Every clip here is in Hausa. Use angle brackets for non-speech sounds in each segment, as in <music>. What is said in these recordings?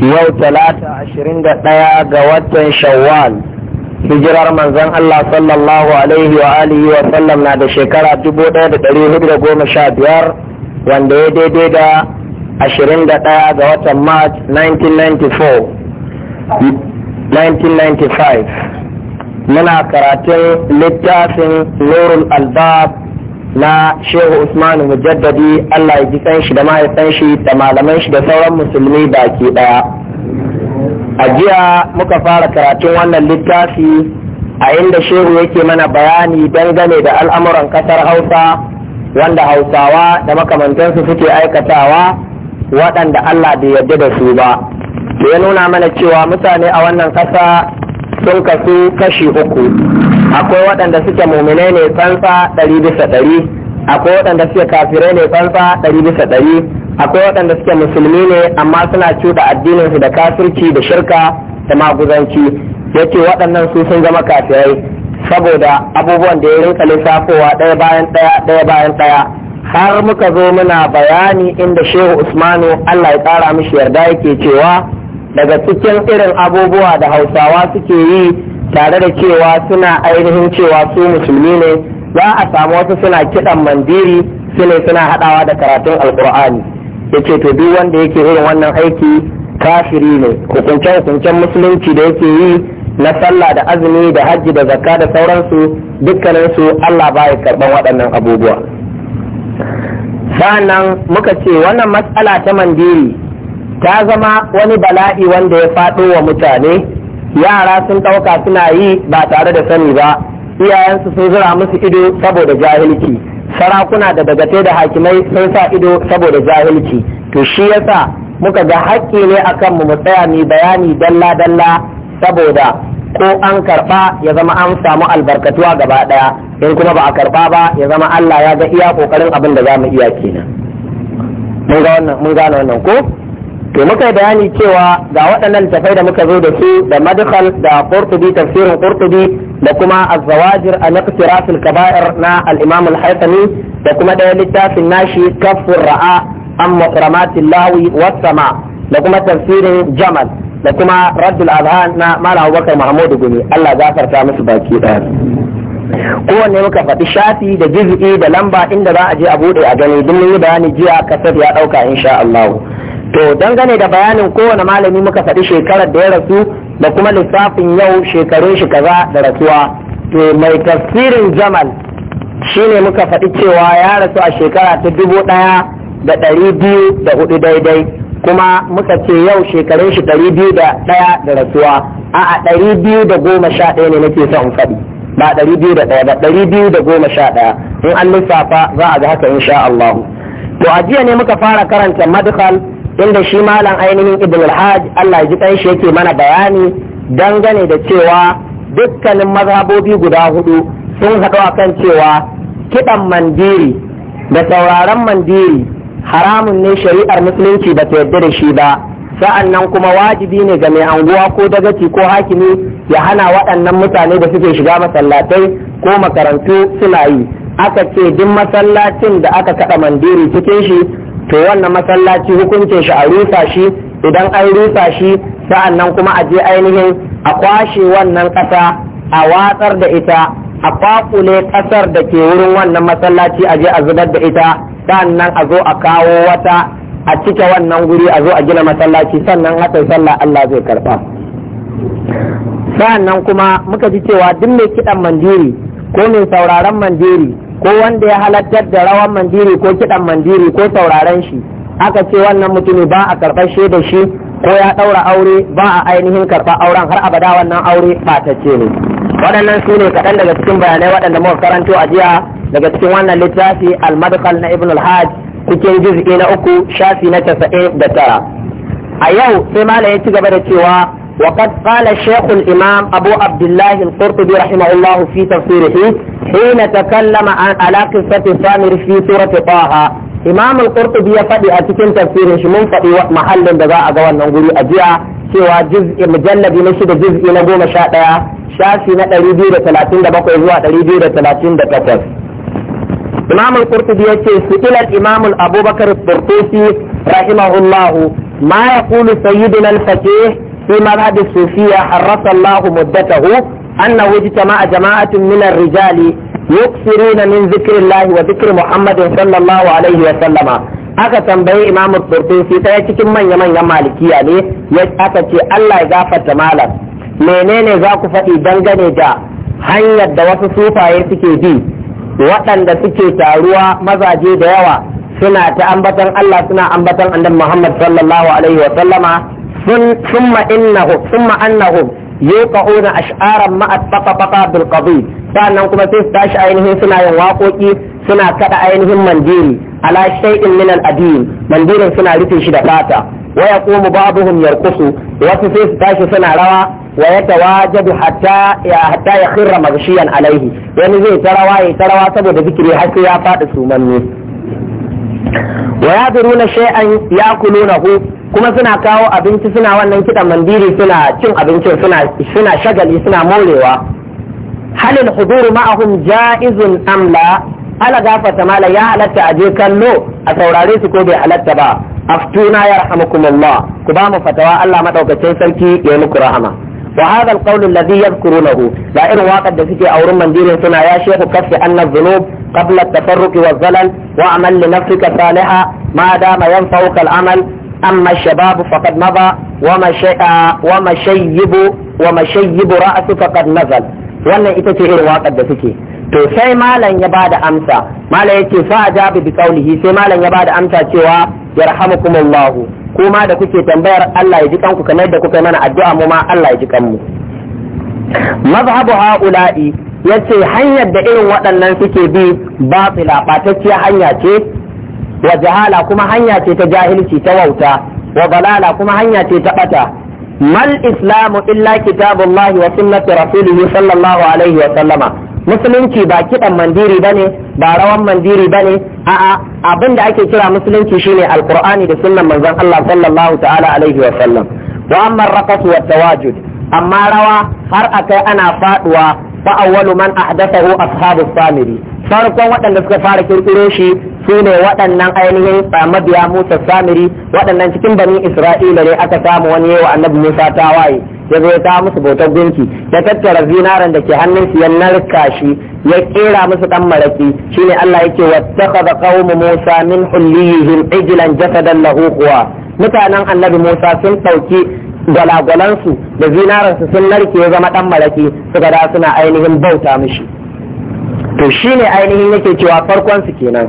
yau talata ashirin da ɗaya ga watan shawwal hijirar manzon Allah sallallahu alaihi wa alihi wa sallam na da shekara dubu ɗaya da ɗari hudu da goma sha biyar wanda ya daidai da ashirin da ɗaya ga watan march 1994 1995 muna karatun littafin nurul albab na shehu usmanu mujaddadi allah ya ji san shi da mahaifan shi da malaman shi da sauran musulmi baki daya a jiya muka fara karatun wannan littafi a inda shehu yake mana bayani dangane da al'amuran kasar hausa wanda hausawa da makamantansu suke aikatawa waɗanda allah bai yarda da su ba ya nuna mana cewa mutane a wannan kasa sun kasu kashi uku akwai waɗanda suke muminai ne tsantsa ɗari bisa ɗari akwai waɗanda suke kafirai ne tsantsa ɗari bisa ɗari akwai waɗanda suke musulmi ne amma suna addinin su da kafirci da shirka da maguzanci yace waɗannan su sun zama kafirai saboda abubuwan da ya rinka lissafowa ɗaya bayan ɗaya ɗaya bayan ɗaya har muka zo muna bayani inda shehu usmanu allah ya ƙara mishi yarda yake cewa daga cikin irin abubuwa da hausawa suke yi tare da cewa suna ainihin cewa su musulmi ne za a samu wasu suna kiɗan mandiri su ne suna haɗawa da karatun alkur'ani ya ce to duk wanda yake irin wannan aiki kafiri ne hukunce-hukuncen musulunci da yake yi na sallah da azumi da hajji da zakka da sauransu dukkaninsu allah baya karɓan waɗannan abubuwa nan muka ce wannan matsala ta mandiri ta zama wani bala'i wanda ya faɗo wa mutane yara sun ɗauka suna yi ba tare da sani ba iyayensu sun zura musu ido saboda jahilci sarakuna da dagatai da hakimai sun sa ido saboda jahilci to shi yasa muka ga haƙƙi ne akan mu tsaya mu bayani dalla dalla saboda ko an karɓa ya zama an samu albarkatuwa gaba ɗaya in kuma ba a karɓa ba ya zama Allah ya ga iya ƙoƙarin abin da za mu iya kenan mun gane wannan ko to muka bayani cewa ga waɗannan tafai da muka zo da su da madkhal da qurtubi tafsirin qurtubi da kuma az-zawajir an iqtiraf al-kaba'ir na al-imam al-haythami da kuma ɗaya littafin nashi kafur ra'a an muqramat lawi was sama da kuma tafsirin jamal da kuma raddul azhan na malam Abubakar Mahmud Gumi Allah gafarta musu baki ɗaya kowanne muka faɗi shafi da juz'i da lamba inda za a je a buɗe a gani duk mun yi bayani jiya kasar ya ɗauka insha Allah to dangane da bayanin kowane malami muka faɗi shekarar da ya rasu da kuma lissafin yau shekarun shi kaza da rasuwa to mai tafsirin jamal shine muka faɗi cewa ya rasu a shekara ta dubu ɗaya da ɗari biyu da hudu daidai kuma muka ce yau shekarun shi ɗari biyu da ɗaya da rasuwa a a ɗari biyu da goma sha ɗaya ne nake son faɗi ba ɗari biyu da ɗaya ba ɗari biyu da goma sha ɗaya in an lissafa za a ga haka insha Allah to a jiya ne muka fara karanta madkhal inda shi malam ainihin ibn al-hajj Allah ji dan shi yake mana bayani dangane da cewa dukkanin mazhabobi guda hudu sun haɗu a kan cewa kiɗan mandiri da sauraron mandiri haramun ne shari'ar musulunci ba ta yarda da shi ba sa'an nan kuma wajibi ne ga mai anguwa ko dagaci ko hakimi ya hana waɗannan mutane da suke shiga masallatai ko makarantu suna yi aka ce duk masallacin da aka kaɗa mandiri cikin shi to wannan masallaci hukuncin shi a rusa shi idan an rusa shi sa'an nan kuma a je ainihin a kwashe wannan ƙasa a watsar da ita a kwakule ƙasar da ke wurin wannan masallaci a je a zubar da ita sa'an nan a zo a kawo wata a cike wannan guri a zo a gina masallaci sannan haka sallah Allah zai karɓa sa'an nan kuma muka ji cewa duk mai kiɗan mandiri ko mai sauraron mandiri ko wanda ya halartar da rawan mandiri ko kiɗan mandiri ko tauraren shi aka ce wannan mutumi ba a karɓar shi da shi ko ya ɗaura aure ba a ainihin karɓar auren har abada wannan aure ɓatacce ne waɗannan su ne kaɗan daga cikin bayanai waɗanda muka karanto a jiya daga cikin wannan littafi al-madkhal na ibn al-hajj cikin juz'i na uku shafi na 99 a yau sai malam ya ci gaba da cewa وقد قال الشيخ الإمام أبو عبد الله القرطبي رحمه الله في تفسيره حين تكلم عن على قصة سامر في سورة طه إمام القرطبي يفدي أتكين تفسيره من محل دقاء أقوال نقول أجيع سوى جزء مجلد نشد جزء نقوم شاء شافي نتري بيرة ثلاثين دبقوا إذواء تري بيرة ثلاثين دكتف إمام القرطبي سئل الإمام أبو بكر الطرطوسي رحمه الله ما يقول سيدنا الفقيه في مذهب الصوفية حرص الله مدته أنه اجتمع جماعة من الرجال يكثرون من ذكر الله وذكر محمد صلى الله عليه وسلم aka tambayi imam turtusi ta ya cikin manya-manyan malikiya ne ya aka ce Allah ya gafarta malam menene za ku faɗi dangane da hanyar da wasu sufaye suke bi waɗanda suke taruwa mazaje da yawa suna ta ambatan Allah suna ambatan annabi Muhammad sallallahu alaihi wa sallama ثم إنهم ثم أنهم يوقعون أشعارا مع الطفطفة بالقضيب sannan kuma sai su tashi ainihin suna yin waƙoƙi suna kada ainihin mandiri ala shay'in min al-adin mandirin suna rufe shi da fata wa yaqumu ba'dhum yarqusu wasu sai su tashi suna rawa wa ya tawajadu hatta ya hatta ya khirra magshiyan alaihi wani zai tarawa ya tarawa saboda zikiri har sai ya faɗi sumanni wa yadiruna shay'an yakulunahu kuma suna kawo abinci suna wannan kiɗan mandiri suna cin abincin suna suna shagali suna morewa halin huduru ma'ahum ja'izun amla ala gafata mala ya halatta a je kallo a saurare su ko bai halatta ba aftuna yarhamukumullah ku ba mu fatawa Allah madaukakin sarki ya muku rahama وهذا القول الذي يذكرونه لا إن واقع دفيتي أو رمان دين سنا يا شيخ كف أن الذنوب قبل التفرق والزلل واعمل لنفسك صالحا ما دام ينفعك العمل أما الشباب فقد مضى ومشي ومشيب ومشيب رأسك قد نزل wannan ita ce irin waƙar da suke to sai malam ya ba da amsa malam ya ce fa jabi bi qaulihi sai malam ya ba da amsa cewa yarhamukumullahu kuma da kuke tambayar Allah ya ji kanku kamar da kuka mana addu'a mu ma Allah ya ji kanmu mazhabu haula'i yace hanyar da irin waɗannan suke bi ba filabatacciya hanya ce wa jahala kuma hanya ce ta jahilci ta wauta wa balala kuma hanya ce ta bata mal islamu illa kitabullahi wa sunnati rasulihi sallallahu alaihi wa sallama musulunci ba kiɗan mandiri bane ba rawan mandiri bane a'a abin da ake kira musulunci shine alqur'ani da sunnan manzon Allah sallallahu ta'ala alaihi wa sallam wa amma raqatu wa tawajud amma rawa har akai ana faduwa fa awwalu man ahdathahu ashabu samiri farkon waɗanda suka fara kirkiro shi su ne waɗannan ainihin mabiya Musa Samiri waɗannan cikin bani Isra'ila ne aka samu wani yawa annabi Musa tawaye ya zo ya kawo musu bautar gunki ya tattara zinaran da ke hannun ya narka shi ya kera musu dan maraki shine Allah yake wattakhadha qaum Musa min hulliyihim ijlan jasadan lahu quwa mutanen annabi Musa sun dauki gwalansu da zinaransu sun narke ya zama dan maraki suka da suna ainihin bauta mishi to shine ainihin yake cewa farkon su kenan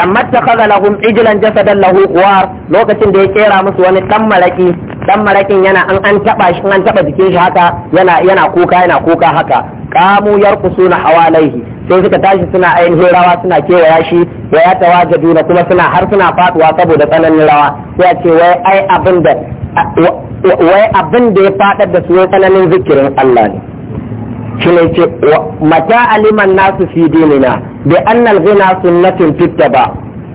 lamma takhadha lahum ijilan jasadan lahu kuwa lokacin da ya kera musu wani dan maraki dan marakin yana an an taba shi an taba jikin shi haka yana yana kuka yana kuka haka kamu yarqusuna hawalaihi sai suka tashi suna ainihin rawa suna kewaya shi wa ya na kuma suna har suna faduwa saboda tsananin rawa sai ce wai ai abin da wai abin ya fadar da su tsananin zikirin Allah ne shi ce mata aliman nasu fi dinina bi annal ghina fitta ba.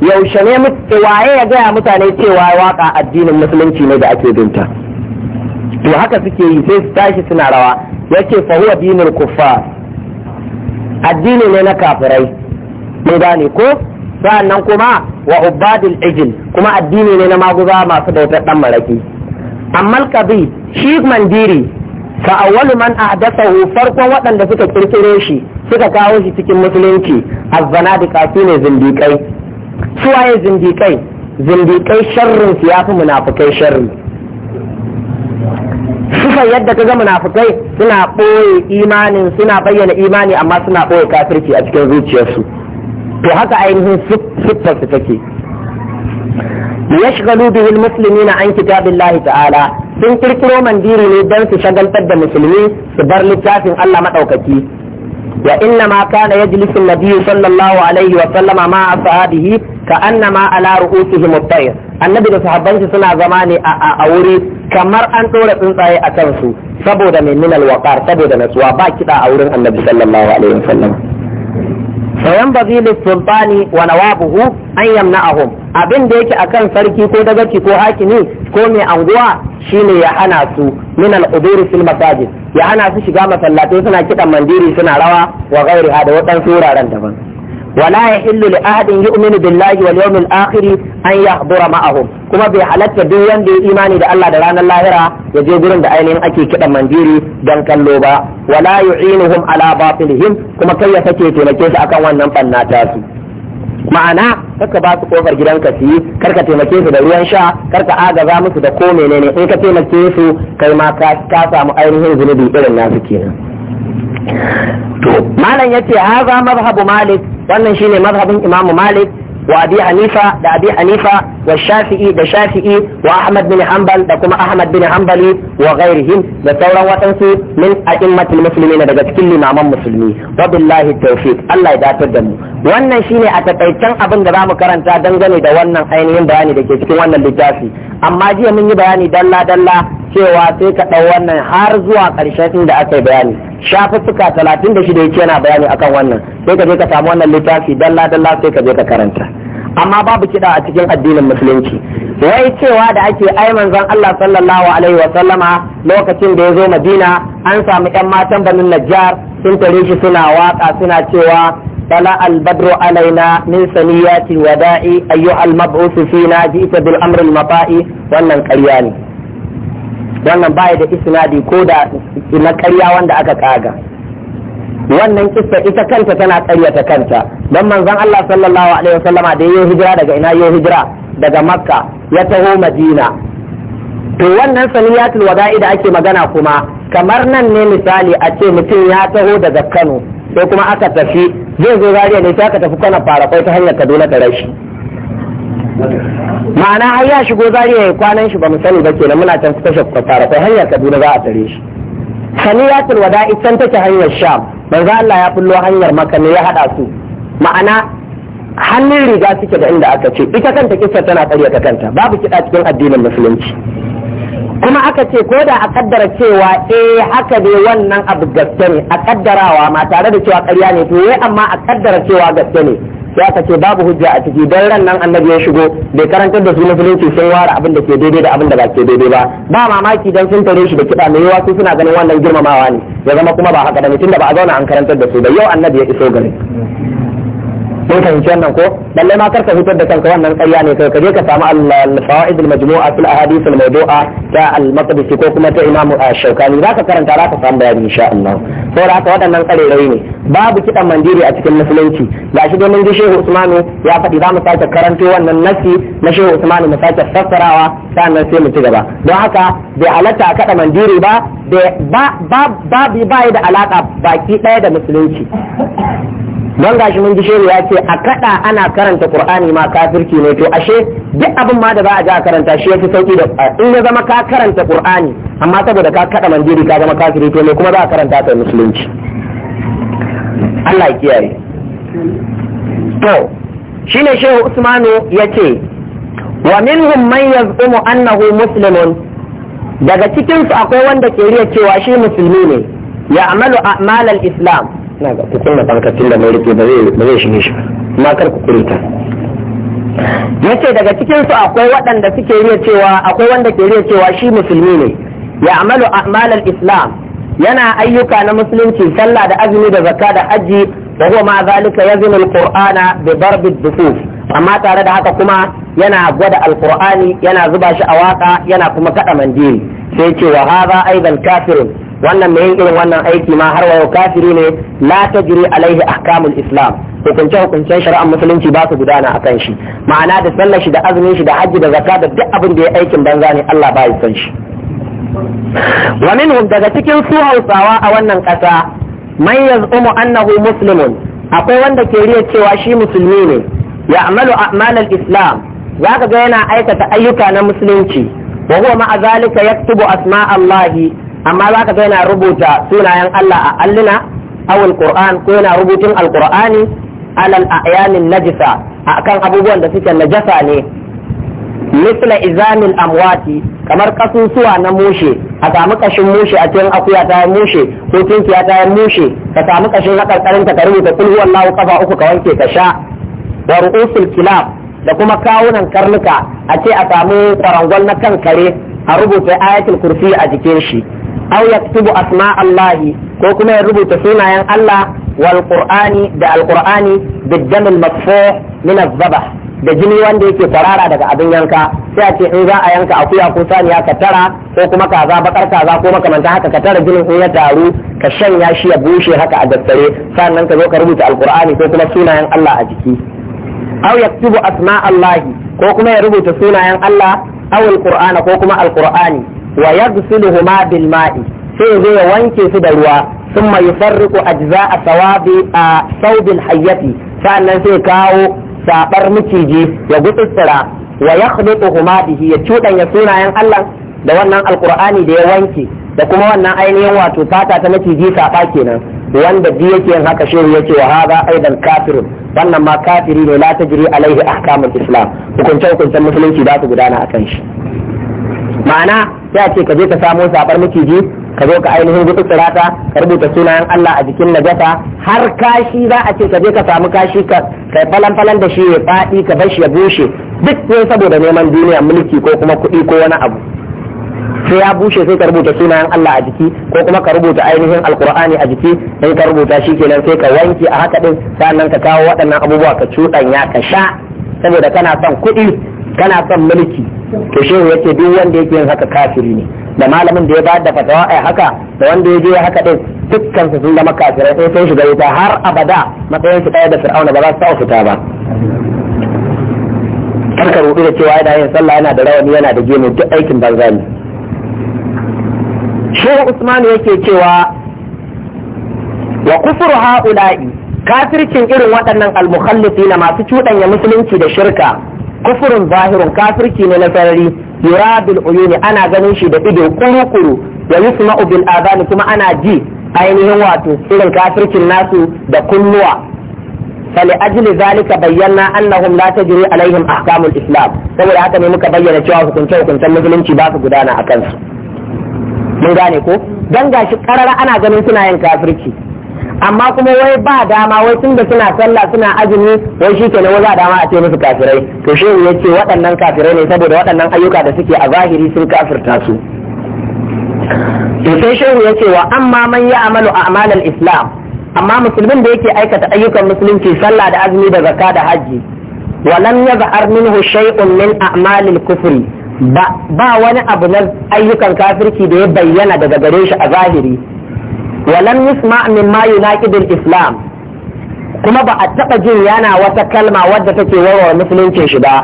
yaushe ne waye ya gaya mutane cewa waka addinin musulunci ne da ake binta to haka suke yi sai su tashi suna rawa yace fa huwa dinul kuffar addini ne na kafirai mun gane ko sannan kuma wa ubadul ijil kuma addini ne na maguza masu dautar dan maraki amma kabi shi mandiri fa awwalu man ahdathahu farkon waɗanda suka ƙirƙire shi suka kawo shi cikin musulunci az-zanadiqa zindikai zindiqai suwaye zindiqai zindiqai sharrin su yafi munafikai sharri suka yadda ka ga munafikai suna ɓoye imanin suna bayyana imani amma suna ɓoye kafirci a cikin zuciyarsu to haka ainihin siffar su take yashghalu musulmi na an kitabillahi ta'ala sun kirkiro mandiri ne don su shagaltar da musulmi su bar littafin Allah madaukaki wa inna ma kana yajlisu nabiyyu nabiy sallallahu alaihi wa sallama ma ashabihi ka annama ala ru'usihim at annabi da sahabban shi suna zama ne a wuri kamar an dora tsuntsaye a kansu saboda mai minal waqar saboda natsuwa ba kida a wurin annabi sallallahu alaihi wa sallam bayan bazilin sultani wa nawabuhu an ahum abin da yake akan sarki ko dagaci ko hakimi ko mai anguwa shine ya hana su min al-uduri fil masajid ya hana su shiga masallatai suna kidan mandiri suna rawa wa ghairiha da waɗansu wuraren daban wala ya illu li ahadin yu'minu billahi wal yawmil akhir an yahdura ma'ahum kuma bai halarta duk wanda ya imani da Allah da ranar lahira ya je gurin da ainihin ake kidan mandiri dan kallo ba wala yu'inuhum ala batilihim kuma kai ya sake taimake su akan wannan fanna ta su ma'ana karka basu su kofar gidanka su yi karka taimake su da ruwan sha karka agaza musu da ko ne in ka taimake su kai ma ka samu ainihin zunubi irin nasu kenan to malam yace haza mazhabu malik wannan shine mazhabin imamu malik wa abi hanifa da abi hanifa wa shafi'i da shafi'i wa ahmad bin ambal da kuma ahmad bin hanbali wa ghairihim da sauran waɗansu min musulmi muslimin daga cikin limaman musulmi wa billahi Allah ya datar da mu wannan shine a takaicen abin da zamu karanta dangane da wannan ainihin bayani da ke cikin wannan littafi amma jiya mun yi bayani dalla dalla cewa sai ka ɗau wannan har zuwa ƙarshen inda aka yi bayani shafuffuka talatin da shida yake yana bayani akan wannan sai ka je ka samu wannan littafi dalla dalla sai ka je ka karanta amma babu kiɗa a cikin addinin musulunci wai cewa da ake ai manzon Allah sallallahu alaihi wa sallama lokacin da ya zo Madina an samu ƴan matan Bani Najjar sun tare shi suna waka suna cewa alaina طلع البدر علينا من سنيات الوداع أيها المبعوث bil amr al mata'i wannan ƙarya ne wannan baya da isnadi ko da na ƙarya wanda aka kaga wannan kissa ita kanta tana karyata kanta don manzon Allah sallallahu alaihi wasallama da yayi hijira daga ina yayi hijira daga makka ya taho madina to wannan saniyatul wada'i da ake magana kuma kamar nan ne misali a ce mutum ya taho daga Kano sai kuma aka tafi zai zo zariya ne sai aka tafi Kano fara kai ta hanyar Kaduna ta rashi ma'ana har ya shigo zariya ya kwanan shi ba mu sani ba kenan muna can tashar fara kai hanyar Kaduna za a tare shi saniyatul wada'i can take hanyar Sham manzo Allah ya bullo hanyar maka ne ya hada su ma'ana hannun riga suke da inda aka ce ita kanta kisa tana ta kanta babu kiɗa cikin addinin musulunci kuma aka ce ko da a kaddara cewa e haka ne wannan abu gaske ne a kaddarawa ma tare da cewa ƙarya ne to eh, amma a kaddara cewa gaske ne ya ka ce babu hujja a ciki dan ran nan annabi ya shigo bai karantar da su musulunci sun ware abin da ke daidai da abin da ba ke daidai ba ba mamaki dan sun tare shi da kiɗa mai yawa su suna ganin wannan girmamawa ne ya zama kuma ba haka da mutum da ba a zauna an karantar da su ba yau annabi ya iso gari mun fahimci wannan ko lallai ma karka fitar da kanka wannan ƙarya ne kai kaje ka samu al-fawaid al-majmu'a fil ahadith al-mawdu'a ta al-maqdisi ko kuma ta imamu Imam ah, Shawkani zaka karanta zaka samu bayani insha Allah saboda haka waɗannan ƙarerai ne babu kiɗan mandiri a cikin musulunci gashi dai mun ji Shehu Usmanu ya faɗi za mu sake karanto wannan nasi na Shehu Usmanu mu sake fassarawa sannan sai mu ci gaba don haka bai halatta a kaɗa mandiri ba ba ba ba da alaka baki ɗaya da musulunci don gashi mun ji shehu ya ce a kada ana karanta qur'ani ma kafirci ne to ashe duk abin ma da za a ji a karanta shi yafi sauki da in ya zama ka karanta qur'ani amma saboda ka kada mandiri ka zama kafiri to me kuma za a karanta ta musulunci Allah ya kiyaye to shine shehu usmanu yace wa minhum man yaz'umu annahu muslimun daga cikin su akwai wanda ke riya cewa shi musulmi ne ya amalu a'malal islam na ga ku kunna bankatin da mai rike ba zai shige shi kar ku kurita yace daga cikin su akwai waɗanda suke riya cewa akwai wanda ke riya cewa shi musulmi ne ya amalu a'malal islam yana ayyuka na musulunci sallah da azumi da zakka da hajji wa huwa ma zalika yazinu alqur'ana bi darbi dufuf amma tare da haka kuma yana gwada alqur'ani yana zuba shi a waka yana kuma kada mandiri sai ce wa hadha aidan kafirun wannan mai yin irin wannan aiki ma har wayo kafiri ne la jiri alaihi ahkamul islam hukunce hukuncen shari'ar musulunci ba su gudana a kan shi ma'ana da sallar shi da azumin shi da hajji da zakka da duk abin da ya aikin banza ne Allah ba ya san shi wa minhum daga cikin su Hausawa a wannan kasa man yaz'umu annahu muslimun akwai wanda ke riya cewa shi musulmi ne ya a'malal islam zaka ga yana aikata ayyuka na musulunci wa huwa ma'a zalika yaktubu asma'allahi amma za ka ga yana rubuta sunayen Allah a alluna awul qur'an ko yana rubutun alqur'ani alal a'yanin najisa akan abubuwan da suke najasa ne misla izamin amwati kamar kasusuwa na mushe a samu kashin mushe a cikin akuya ta mushe ko ya ta mushe ka samu kashin hakarkarin ta ka rubuta kul huwallahu kafa uku ka wanke ka sha wa ru'usul kilab da kuma kawunan karnuka a ce a samu kwarangwal na kan kare a rubuta ayatul kursi a jikin shi aw yaktubu asma Allahi ko kuma ya rubuta sunayen Allah wal Qur'ani da al Qur'ani da jamal min zabah da jini wanda yake farara daga abin yanka sai a ce in za a yanka akuya ko saniya ka tara ko kuma kaza bakar kaza ko makamanta haka ka tara jinin in ya taru ka shanya shi ya bushe haka a daftare sannan ka zo ka rubuta alqur'ani ko kuma sunayen Allah a jiki aw yaktubu asma Allahi ko kuma ya rubuta sunayen Allah aw alqur'ana ko kuma alqur'ani wa yaghsiluhuma bil ma'i sai ya zo ya wanke su da ruwa thumma yufarriqu ajza'a sawabi a saubil hayyati sannan sai kawo sabar miciji ya gutsura wa yakhluquhuma bihi ya cudanya sunayen Allah da wannan alqur'ani da ya wanke da kuma wannan ainihin wato fata ta maciji saba kenan wanda bi yake yin haka shehu yace wa hada aidan kafirun wannan ma kafiri ne la tajri alaihi ahkamul islam hukunce hukuncen musulunci za su gudana akan shi ma'ana sai ce ka je ka samo sabar maciji ka zo ka ainihin gutsura tsirata ka rubuta sunayen Allah a jikin najasa har kashi za a ce ka je ka samu kashi ka kai falan falan da shi ya fadi ka bar shi ya bushe duk ne saboda neman duniya mulki ko kuma kuɗi ko wani abu sai ya bushe sai ka rubuta sunayen Allah a jiki ko kuma ka rubuta ainihin alkur'ani a jiki in ka rubuta shi kenan sai ka wanke a haka din sannan ka kawo waɗannan abubuwa ka cuɗanya ka sha saboda kana son kuɗi kana son mulki to shehu yake duk wanda yake yin haka kafiri ne da malamin da ya ba da fatawa ai haka da wanda ya je haka din dukkan su sun zama kafirai sai sun shiga wuta har abada matsayin su ɗaya da fir'auna ba za su tsawo fita ba karka rudu da cewa yana yin sallah yana da rawani yana da gemu duk aikin banza ne shehu usman yake cewa wa kufur ha'ula'i kafircin irin waɗannan al na masu cuɗanya musulunci da shirka kufurin zahirin kafirki ne na sarari yura bil uyuni ana ganin shi da ido kurukuru ya yi yusma'u bil adani kuma ana ji ainihin wato irin kafirkin nasu da kunnuwa ajili zalika bayyana annahum la tajri alaihim ahkamul islam saboda haka ne muka bayyana cewa hukunce hukuncen musulunci ba su gudana a kansu mun gane ko dan gashi karara ana ganin suna yin kafirci amma kuma wai ba dama wai tun da suna sallah suna azumi wai shi kenan wai ba dama a ce musu kafirai to shehu ya ce waɗannan kafirai ne saboda waɗannan ayyuka da suke a zahiri sun kafirta su sai shehu ya ce wa amma man ya amalu a a'malal islam amma musulmin da yake aikata ayyukan musulunci sallah da azumi da zakka da hajji wa ya yazhar minhu shay'un min a'malil kufri ba wani abu na ayyukan kafirci da ya bayyana daga gare shi a zahiri walam yusma mimma yunaqidul islam kuma ba a taɓa jin yana wata kalma wadda take warware musuluncin shi ba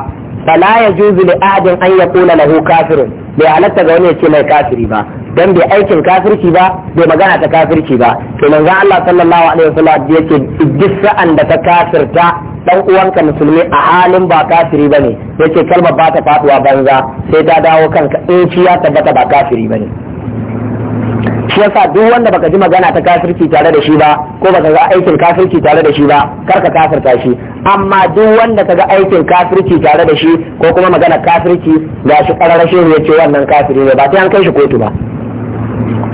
fala yajuzu li adin an yaqula lahu kafirin. bai halatta ga wani ya ce mai kafiri ba dan bai aikin kafirci ba bai magana ta kafirci ba to manzon Allah sallallahu alaihi wasallam yace duk sa'an da ta kafirta dan uwanka musulmi a halin ba kafiri bane yace kalmar ba ta faduwa banza sai ta dawo kanka in ci ya tabbata ba kafiri bane shi yasa duk wanda baka ji magana ta kafirci tare da shi ba ko baka ga aikin kafirci tare da shi ba kar ka kafirta shi amma duk wanda ka ga aikin kafirci tare da shi ko kuma magana kafirci ga shi kararar shi ya ce wannan kafiri ne ba sai an kai shi kotu ba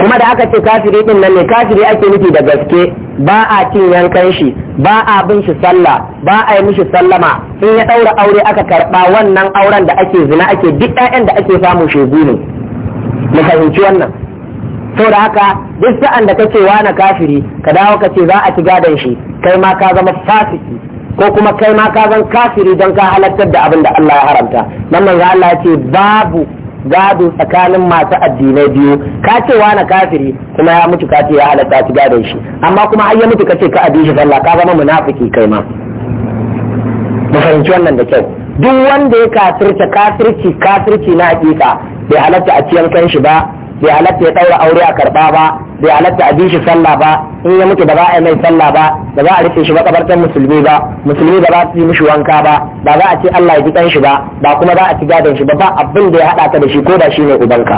kuma da aka ce kafiri din nan ne kafiri ake nufi da gaske ba a cin yankan shi ba a bin shi sallah ba a yi mishi sallama in ya daura aure aka karba wannan auren da ake zina ake duk ƴaƴan da ake samu shegu ne mu fahimci wannan da haka duk sa'an da kake wani kafiri ka dawo ka ce za a ci gadon shi kai ma ka zama fasiki ko kuma kai ma ka zan kafiri don ka halartar da abin da Allah ya haramta nan ga Allah ya ce babu gado tsakanin masu addinai biyu ka ce wani kafiri kuma ya mutu ka ce ya halatta ci gadon shi amma kuma har ya mutu ka ce ka abi shi sallah ka zama munafiki kai ma mu fahimci wannan da kyau duk wanda ya kafirce kafirci kafirci na hakika bai halarta a ciyan kan shi ba bai halatta ya daura aure a karba ba bai halatta a bishi sallah ba in ya mutu da za a mai sallah ba da za a rufe shi makabartar musulmi ba musulmi ba za su yi mishi wanka ba ba za a ci Allah ya ji dan shi ba ba kuma za a ci gadon shi ba ba abin da ya haɗa ka da shi ko da shi ne ubanka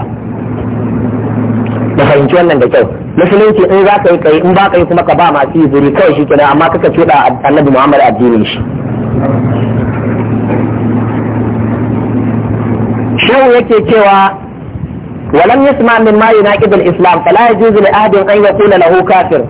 da fahimci wannan da kyau musulunci in za ka yi kai in ba ka yi kuma ka ba masu yi zuri kawai shi kenan amma kaka cuɗa annabi Muhammad addinin shi shehu yake cewa ولم يسمع مما يناقض الإسلام فلا يجوز لأحد أن يقول له كافر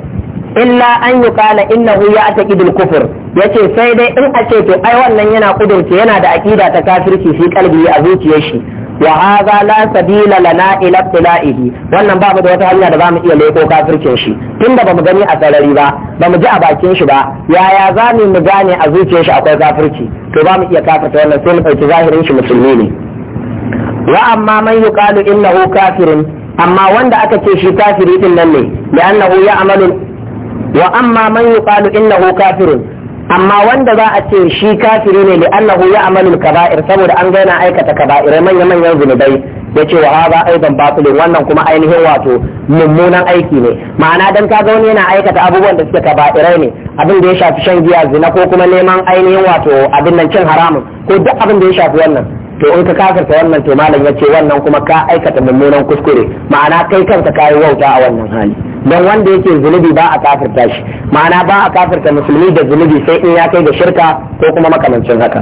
إلا أن يقال إنه يعتقد الكفر yace sai dai in a ce to ai wannan yana kudurce yana da akida ta kafirci fi kalbi a zuciyar shi wa hadha la sabila lana ila ibtila'ihi wannan ba mu da wata hanya da zamu iya leko kafircin shi tunda bamu gani a sarari ba bamu ji a bakin shi ba yaya zamu mu gane a zuciyar shi akwai kafirci to ba mu iya kafirta wannan sai mu dauki zahirin shi musulmi ne wa amma man yuqalu innahu kafirun amma wanda aka ce shi kafiri din nan ne li'annahu ya'malu wa amma man yuqalu innahu amma wanda za a ce shi kafiri ne li'annahu ya'malu kaba'ir saboda an ga yana aikata kaba'irai manya manyan zunubai ya ce wa haza aidan batilin wannan kuma ainihin wato mummunan aiki ne ma'ana dan kaga wani yana aikata abubuwan da suke kaba'irai ne abin da ya shafi shan giya zina ko kuma neman ainihin wato abin nan cin haramun ko duk abin da ya shafi wannan to in ka kafirta wannan to malam ya ce wannan kuma ka aikata mummunan kuskure ma'ana kai kanka kayan wauta a wannan hali don wanda yake zunubi ba a kafirta shi ma'ana ba a kafirta musulmi da zunubi sai in ya kai da shirka ko kuma makamancin haka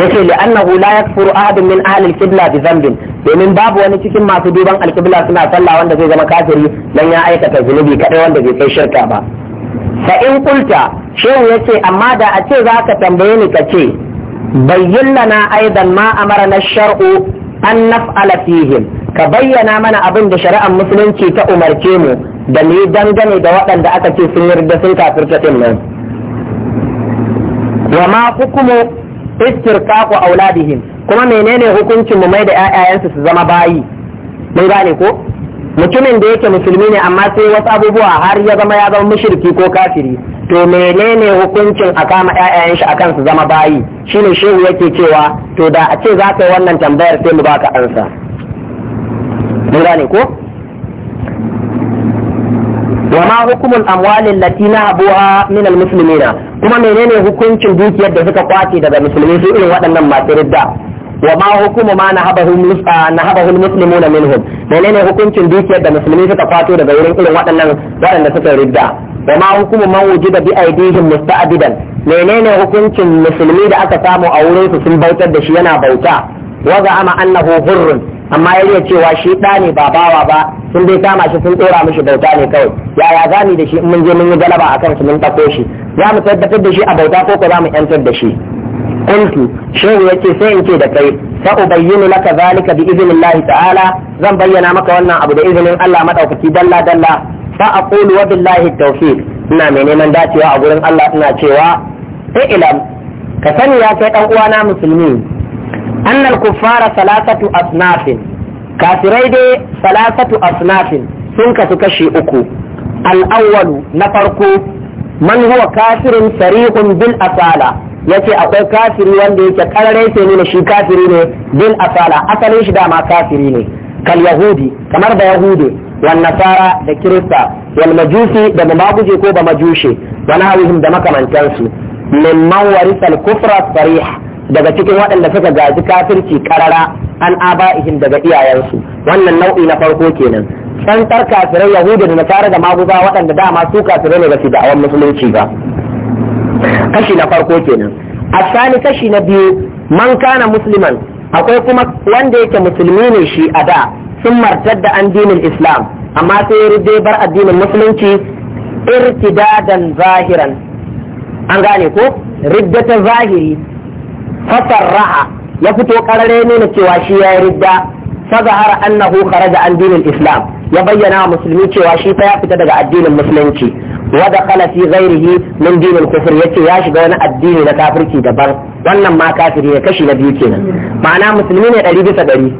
yace li'annahu la yakfuru ahadun min ahli al-qibla bi dhanbin domin babu wani cikin masu duban al-qibla suna sallah wanda zai zama kafiri dan ya aikata zunubi kadai wanda bai kai shirka ba fa in qulta shehu yace amma da a ce zaka tambaye ni ka ce. bayyin lana aidan ma na shar'u an naf'ala fihim ka bayyana mana abin da shari'ar musulunci ta umarce mu da ni dangane da waɗanda aka ce sun yarda sun kafirta din nan wa ma hukumu istirqaqu auladihim kuma menene hukuncin mu mai da ƴaƴayensu su zama bayi mun gane ko mutumin da yake musulmi ne amma sai wasu abubuwa har ya zama ya zama mushriki ko kafiri to menene hukuncin a kama ƴaƴayen shi akan su zama bayi shine shehu yake cewa to da a ce za ka yi wannan tambayar sai mu baka ansa mun gane ko wa ma hukumul amwali allati nahabuha min almuslimina kuma menene hukuncin dukiyar da suka kwace daga musulmi su irin waɗannan masu ridda wa ma hukumu ma nahabahu almuslimuna minhum menene hukuncin dukiyar da musulmi suka kwato daga irin waɗannan waɗanda suka ridda wa ma hukumu man wujida bi aidihim menene hukuncin musulmi da aka samu a wurin su sun bautar da shi yana bauta wa za'ama annahu hurrun amma ya cewa shi da ne ba bawa ba sun dai kama shi sun dora mishi bauta ne kawai yaya zamu da shi in mun je mun yi galaba akan su mun tako shi za mu tabbatar da shi a bauta ko ko za mu yantar da shi قلت ya ce sai in ce da kai sa ubayyinu laka zalika bi idnillahi ta'ala zan bayyana maka wannan abu da izinin Allah madaukaki dalla dalla fa aqulu wa billahi tawfiq ina mai neman dacewa a gurin Allah ina cewa sai ilam ka sani ya kai dan uwana musulmi annal kuffara salasatu asnafin kafirai dai salasatu asnafin sun kasu kashi uku al-awwalu na farko man huwa kafirun sarihun bil asala yace akwai kafiri wanda yake kararai sai nuna shi kafiri ne bil asala asalin shi ma kafiri ne kal yahudi kamar da yahudi wan nasara da kirista walmajusi da mamaguje ko ba bana wa nahwihim da makamantansu mimman warisal daga cikin waɗanda suka gaji kafirci karara an aba'ihim daga iyayensu wannan nau'i na farko kenan tsantar kafirai yahudi da nasara da maguza waɗanda dama su kafirai ne ba su da'awar musulunci ba kashi na farko kenan Sani kashi na biyu man kana musliman akwai kuma wanda yake musulmi ne shi a da sun martar da addinin islam amma sai ya rube bar addinin musulunci irtidadan zahiran an gane ko riddata zahiri fasarraha ya fito karare nuna cewa shi ya yi ridda fazahara annahu kare da addinin islam ya bayyana wa musulmi cewa shi fa ya fita daga addinin musulunci wa dakhala zai ghairihi min kufur ya ce ya shiga wani addini na kafirci daban wannan ma kafiri ne kashi na biyu kenan ma'ana musulmi ne ɗari bisa ɗari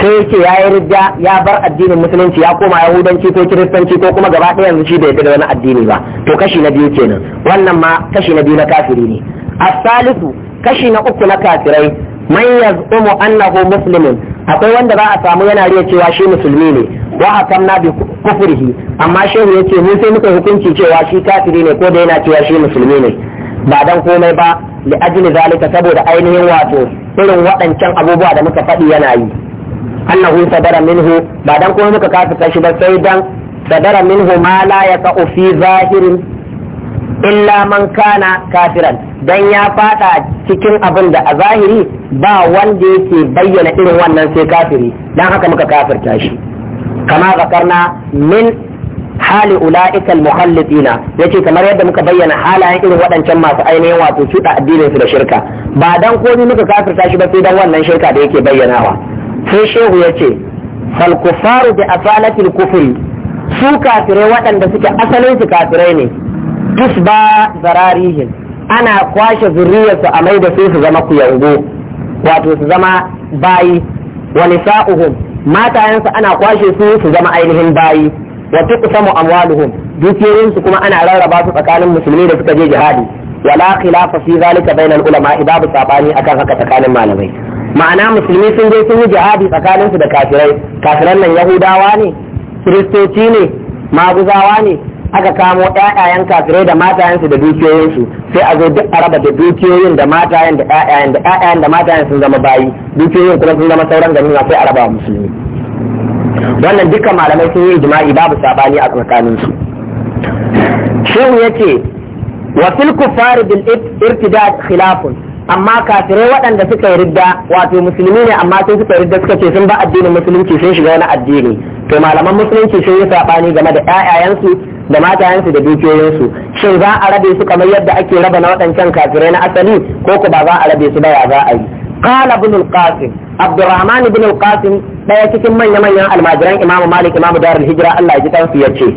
sai yake ya yi rida ya bar addinin musulunci ya koma yahudanci ko kiristanci ko kuma gaba ɗaya yanzu shi bai da wani addini ba to kashi na biyu kenan wannan ma kashi na biyu na kafiri ne asalisu kashi na uku na kafirai man yaz'umu annahu muslimin akwai wanda za a samu yana riya cewa shi musulmi ne wa hakamna bi kufrihi amma shehu yace mun sai muka hukunci cewa shi kafiri ne ko da yana cewa shi musulmi ne ba dan komai ba li ajli zalika saboda ainihin wato irin waɗancan abubuwa da muka faɗi yana yi annahu sadara minhu ba dan kuma muka kafirta shi ba sai dan sadara minhu ma la yaqa'u fi zahirin illa man kana kafiran dan ya fada cikin abin da a zahiri ba wanda yake bayyana irin wannan sai kafiri dan haka muka kafirta shi kama zakarna min hali ula'ika al-mukhallitina yace kamar yadda muka bayyana halayen irin waɗancan masu ainihin wato cuɗa addinin su da shirka ba dan komai muka kafirta shi ba sai dan wannan shirka da yake bayyanawa sai shehu ya ce falkufaru da asalatil kufuri su kafirai waɗanda suke asalin su kafirai ne ba zararihin ana kwashe zuriyarsu a mai da su su zama kuyango wato su zama bayi wa nisa'uhum matayensu ana kwashe su su zama ainihin bayi wa tuqsamu amwaluhum dukiyoyinsu kuma ana rarraba su tsakanin musulmi da suka je jihadi wala khilafa fi zalika bainal ulama babu sabani akan haka tsakanin malamai ma'ana musulmi sun je sun yi jihadi tsakaninsu da kafirai kafiran nan yahudawa ne kiristoci ne maguzawa ne aka kamo ɗaya'yan kafirai da matayensu da dukiyoyinsu sai a zo duk a raba da dukiyoyin da matayen da ɗaya'yan da ɗaya'yan da matayen sun zama bayi dukiyoyin kuma sun zama sauran gani sai a raba musulmi wannan duka malamai sun yi jima'i babu sabani a su shehu yace wa fil kufari bil irtidad khilafun amma kafirai waɗanda suka yi ridda wato musulmi ne amma sai suka yi ridda suka ce sun ba addinin musulunci sun shiga wani addini to malaman musulunci sun yi saɓani game da ƴaƴayensu da matayensu da dukiyoyinsu shin za a rabe su kamar yadda ake raba na waɗancan kafirai na asali ko ku ba za a rabe su ba ya za a yi قال ابن القاسم عبد الرحمن بن القاسم cikin manya manyan almajiran Imam malik imamu darul hijra Allah ya ji tansu yace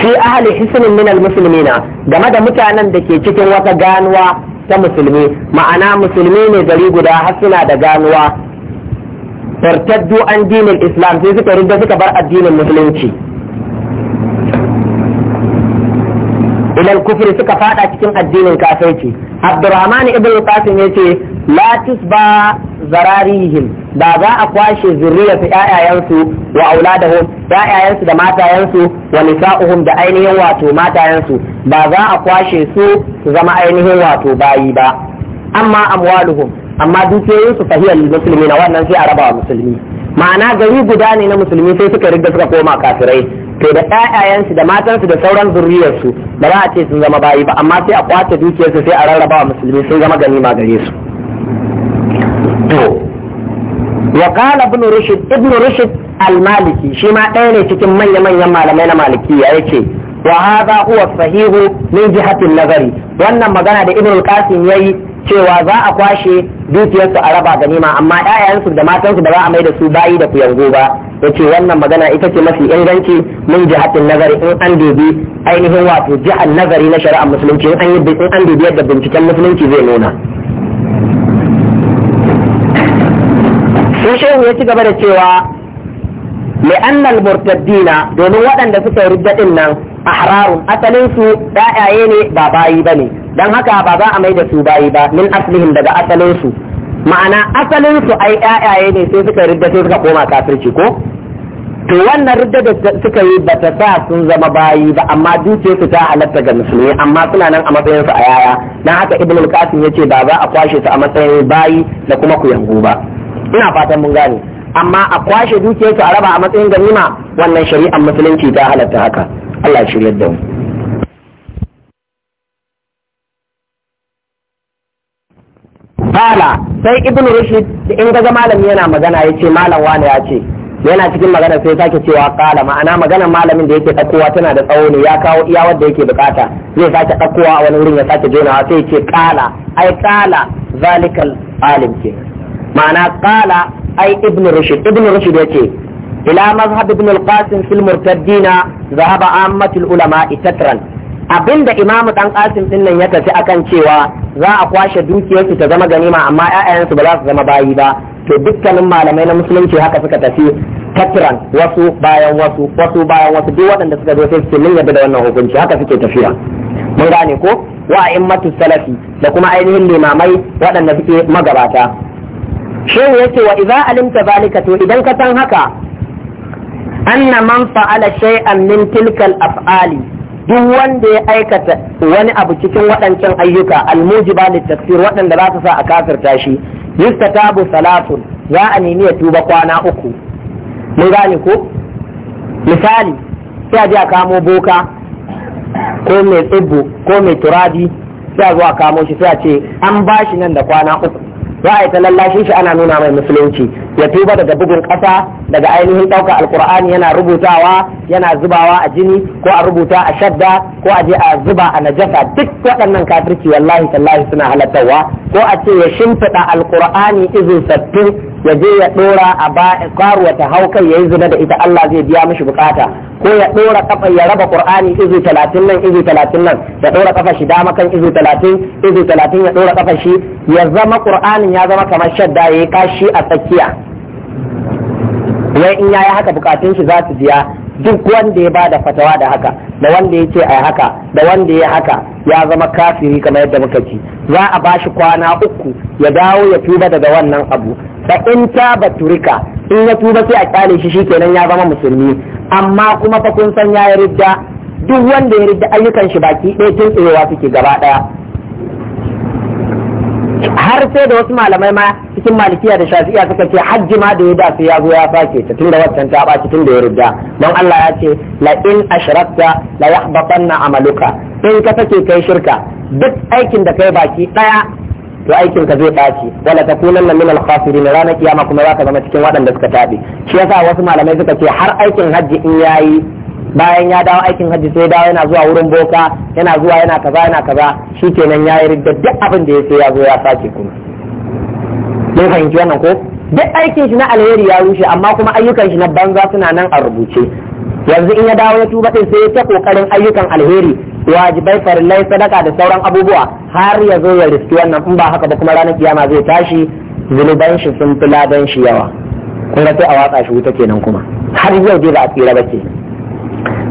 fi ahli hisnin min almuslimina game da mutanen da ke cikin wata ganuwa ta musulmi ma'ana musulmi ne gari guda har suna da ganuwa tartaddu an dinin islam sai suka rinda suka bar addinin musulunci idan kufri suka fada cikin addinin kafirci abdurrahman ibn qasim yace la tusba zararihim ba za a kwashe zurriyarsu ƴaƴayensu wa auladahum ƴaƴayensu da matayensu wa nisa'uhum da ainihin wato matayensu ba za a kwashe su su zama ainihin wato bayi ba amma amwaluhum amma dukiyoyinsu fahiyar musulmi na wannan sai a raba wa musulmi ma'ana gari guda ne na musulmi sai suka riga suka koma kafirai to da ƴaƴayensu da matansu da sauran zurriyarsu ba za a ce sun zama bayi ba amma sai a kwace dukiyarsu sai a rarraba wa musulmi sun zama ganima gare su do wa qala ibn rushd ibn rushd al-maliki shi ma ɗaya ne cikin manya-manyan malamai na malikiya yace wa hadha huwa sahihu min jihati nazari wannan magana da ibn al ya yi cewa za a kwashe dukiyarsu a raba ganima amma 'ya'yansu da matansu ba za a mai da su bayi da kuyango ba yace wannan magana ita ce mafi inganci min jihatin nazari in an dubi ainihin wato jihar nazari na shari'ar musulunci in in an dubi yadda binciken musulunci zai nuna sai shehu ya ci gaba da cewa mai annal murtaddina domin waɗanda suka yi riddaɗin nan hararun asalin su ɗayaye ne ba bayi bane don haka ba za a mai da su bayi ba min asalin daga asalin su ma'ana asalin su ai ɗayaye ne sai suka ridda sai suka koma kafirci ko to wannan ridda da suka yi ba ta sa sun zama bayi ba amma duke su ta halatta ga musulmi amma suna nan a matsayin su a yaya dan haka ibnu al-qasim yace ba za a kwashe su a matsayin bayi da kuma ku yango ba ina fatan mun gane amma a kwashe dukiyarsu a raba a matsayin ganima wannan shari'ar musulunci ta halatta haka Allah ya shirya da mu Bala sai Ibn Rushd in ga malami yana magana yace malam wani ya ce yana cikin magana sai sake cewa kala ma'ana maganar malamin da yake ɗakowa tana da tsawo ne ya kawo iya wanda yake bukata zai sake ɗakowa a wani wurin ya sake jonawa sai yace kala ai kala zalikal alim ke ma'ana qala ai ibn rushd ibn rushd yace ila mazhab ibn al-qasim fil murtaddina zahaba ammatul ulama tatran abinda imamu dan qasim din nan ya tafi akan cewa za a kwashe dukiyarsu ta zama ganima amma ƴaƴansu ba za su zama bayi ba to dukkanin malamai na musulunci haka suka tafi katran wasu bayan wasu wasu bayan wasu duk waɗanda suka zo sai suke mun da wannan hukunci haka suke tafiya mun gane ko wa matu salafi da kuma ainihin limamai waɗanda suke magabata shehu yace wa idza alimta zalika to idan ka san haka anna man fa'ala shay'an min tilkal af'ali duk wanda ya aikata wani abu cikin waɗancan ayyuka almujiba littafsir waɗanda za su sa a kafirta shi yustatabu salatun za a nemi ya tuba kwana uku mun gane ko misali sai a je a kamo boka ko mai tsibbo ko mai turabi sai a zo a kamo shi sai a ce an bashi nan da kwana uku za a yi ta lallashin shi ana nuna mai musulunci ya tuba daga bugun ƙasa daga ainihin ɗauka alkur'ani yana rubutawa yana zubawa a jini ko a rubuta a shadda ko a je a zuba a najasa duk waɗannan kafirci wallahi tallahi suna halattawa ko a ce ya shimfiɗa alkur'ani izin sattu ya je ya ɗora a karuwa ta hau kai ya yi zina da ita Allah zai biya mishi bukata ko ya ɗora kafa ya raba qur'ani izu talatin nan izu talatin nan ya ɗora kafa shi dama kan izu talatin izu talatin ya ɗora kafa shi ya zama qur'anin ya zama kamar shadda ya yi kashi a tsakiya wai in yayi haka bukatun shi za su biya duk wanda ya bada fatawa da haka da wanda ya ce ai haka da wanda ya haka ya zama kafiri kamar yadda muka ci za a bashi kwana uku ya dawo ya tuba daga wannan abu fa in ta baturika in ya tuba sai a kyale shi shikenan ya zama musulmi amma kuma fa kun san yayi ridda duk wanda ya ridda ayyukan shi baki ɗaya tun tsayewa suke gaba ɗaya har sai da wasu malamai ma cikin malikiya da shafi'iya suka ce hajji ma da ya dace ya zo ya sake ta da waccan ta ba tun da ya rudda don Allah ya ce la in ashrakta la yahbatanna amaluka in ka sake kai shirka duk aikin da kai baki daya to aikin ka zai ɓaci wala ta kunan min al khasirin ranar kiyama kuma za ka zama cikin waɗanda suka tabe shi yasa wasu malamai suka ce har aikin hajji in yayi bayan ya dawo aikin hajji sai dawo yana zuwa wurin boka yana zuwa yana kaza yana kaza shikenan ya yi ridda duk abin da ya sai ya zo ya sake kuma mun fahimci wannan ko duk aikin shi na alheri ya rushe amma kuma ayyukan shi na banza suna nan a rubuce yanzu in ya dawo ya tuba din sai ya ta kokarin ayyukan alheri wajibai farillai sadaka da sauran abubuwa har ya zo ya riski wannan in ba haka ba kuma ranar kiyama zai tashi zunuban shi sun fi ladan shi yawa kun ga sai a watsa shi wuta kenan kuma har yau dai ba a tsira ba kenan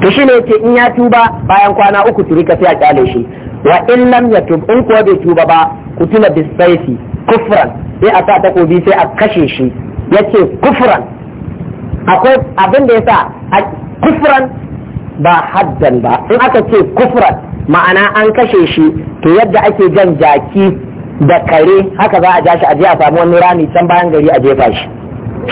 to shi ne ke in ya tuba bayan kwana uku rika sai a kyale shi wa in lam tuba in kuwa bai tuba ba ku tuna bisaifi kufran sai a sa takobi sai a kashe shi yace kufran akwai abin da yasa kufran ba haddan ba in aka ce kufran ma'ana an kashe shi to yadda ake jan jaki da kare haka za a ja shi a je a samu wani rami can bayan gari a jefa shi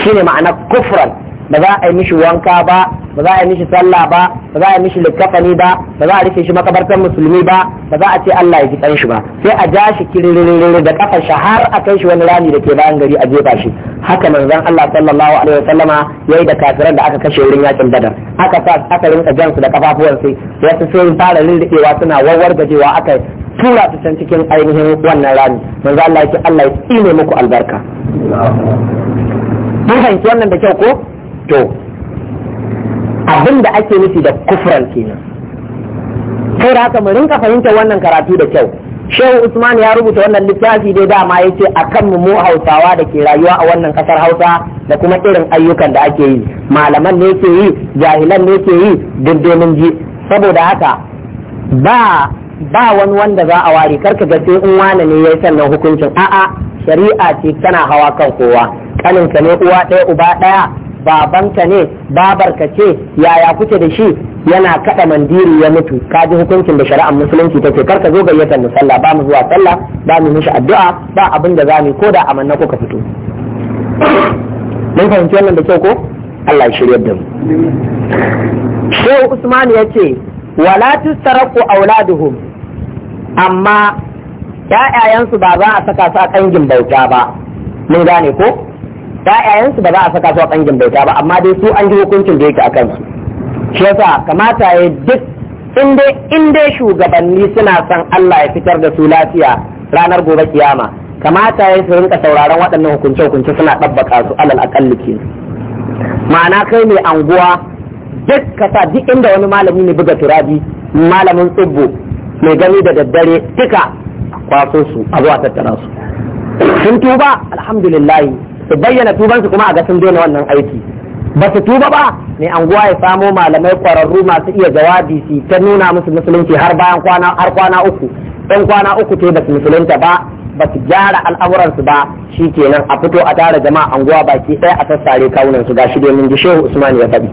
shine ma'ana kufran ba za a yi mishi wanka ba ba za a yi mishi sallah ba ba za a yi mishi likkafani ba ba za a rufe shi makabartar musulmi ba ba za a ce Allah ya ji kan shi ba sai a ja shi kiririri da kafa shi har a kai shi wani rami da ke bayan gari a jefa shi haka manzon Allah sallallahu alaihi ya yi da kafiran da aka kashe wurin yakin badar aka sa aka rinka jansu da kafafuwan sai wasu sun fara rirriƙewa suna warwargajewa aka tura su can cikin ainihin wannan rami manzo Allah ya ce Allah ya tsine muku albarka mun fahimci wannan da kyau ko to abin ake nufi da kufran kenan kai haka mu rinka fahimta wannan karatu da kyau shehu usman ya rubuta wannan littafi dai dama ya ce a kan mu hausawa da ke rayuwa a wannan kasar hausa da kuma irin ayyukan da ake yi malaman ne ke yi jahilan ne ke yi dindimin ji saboda haka ba ba wani wanda za a ware karka ga sai in wane ne yayi sannan hukuncin a'a shari'a ce tana hawa kan kowa kaninka ne uwa ɗaya uba ɗaya babanka ne babarka ce yaya kuke da shi yana kada mandiri ya mutu ka ji hukuncin da shari'ar musulunci take karka zo gayyatar mu sallah ba mu zuwa sallah ba mu mishi addu'a ba abin da zamu ko da amanna ko ka fito mun fahimci wannan da kyau ko Allah ya shirya da mu Shehu Usman ya ce wala tusaraku auladuhum amma ƴaƴayansu ba za a saka su a kangin bauta ba mun gane ko ƴaƴayensu ba za a saka su a kangin bauta ba amma dai su an ji hukuncin da yake a kansu shi yasa kamata ya duk inda inda shugabanni suna son Allah ya fitar da su lafiya ranar gobe kiyama kamata ya su rinka sauraron waɗannan hukunce hukunce suna ɗabbaka su alal akalli ke ma'ana kai mai anguwa duk ka duk inda wani malami ne buga turabi malamin tsibbo mai gani da daddare duka kwaso su a zuwa tattara su sun tuba alhamdulillahi su bayyana tubansu kuma a ga sun daina wannan aiki ba su tuba ba mai anguwa ya samo malamai kwararru masu iya jawabi su ta nuna musu musulunci har bayan kwana har kwana uku ɗan kwana uku ce ba su musulunta ba ba su gyara al'amuransu ba shi kenan a fito a tara jama'a anguwa baki ɗaya a sassare kawunan su shi domin ji shehu usman ya faɗi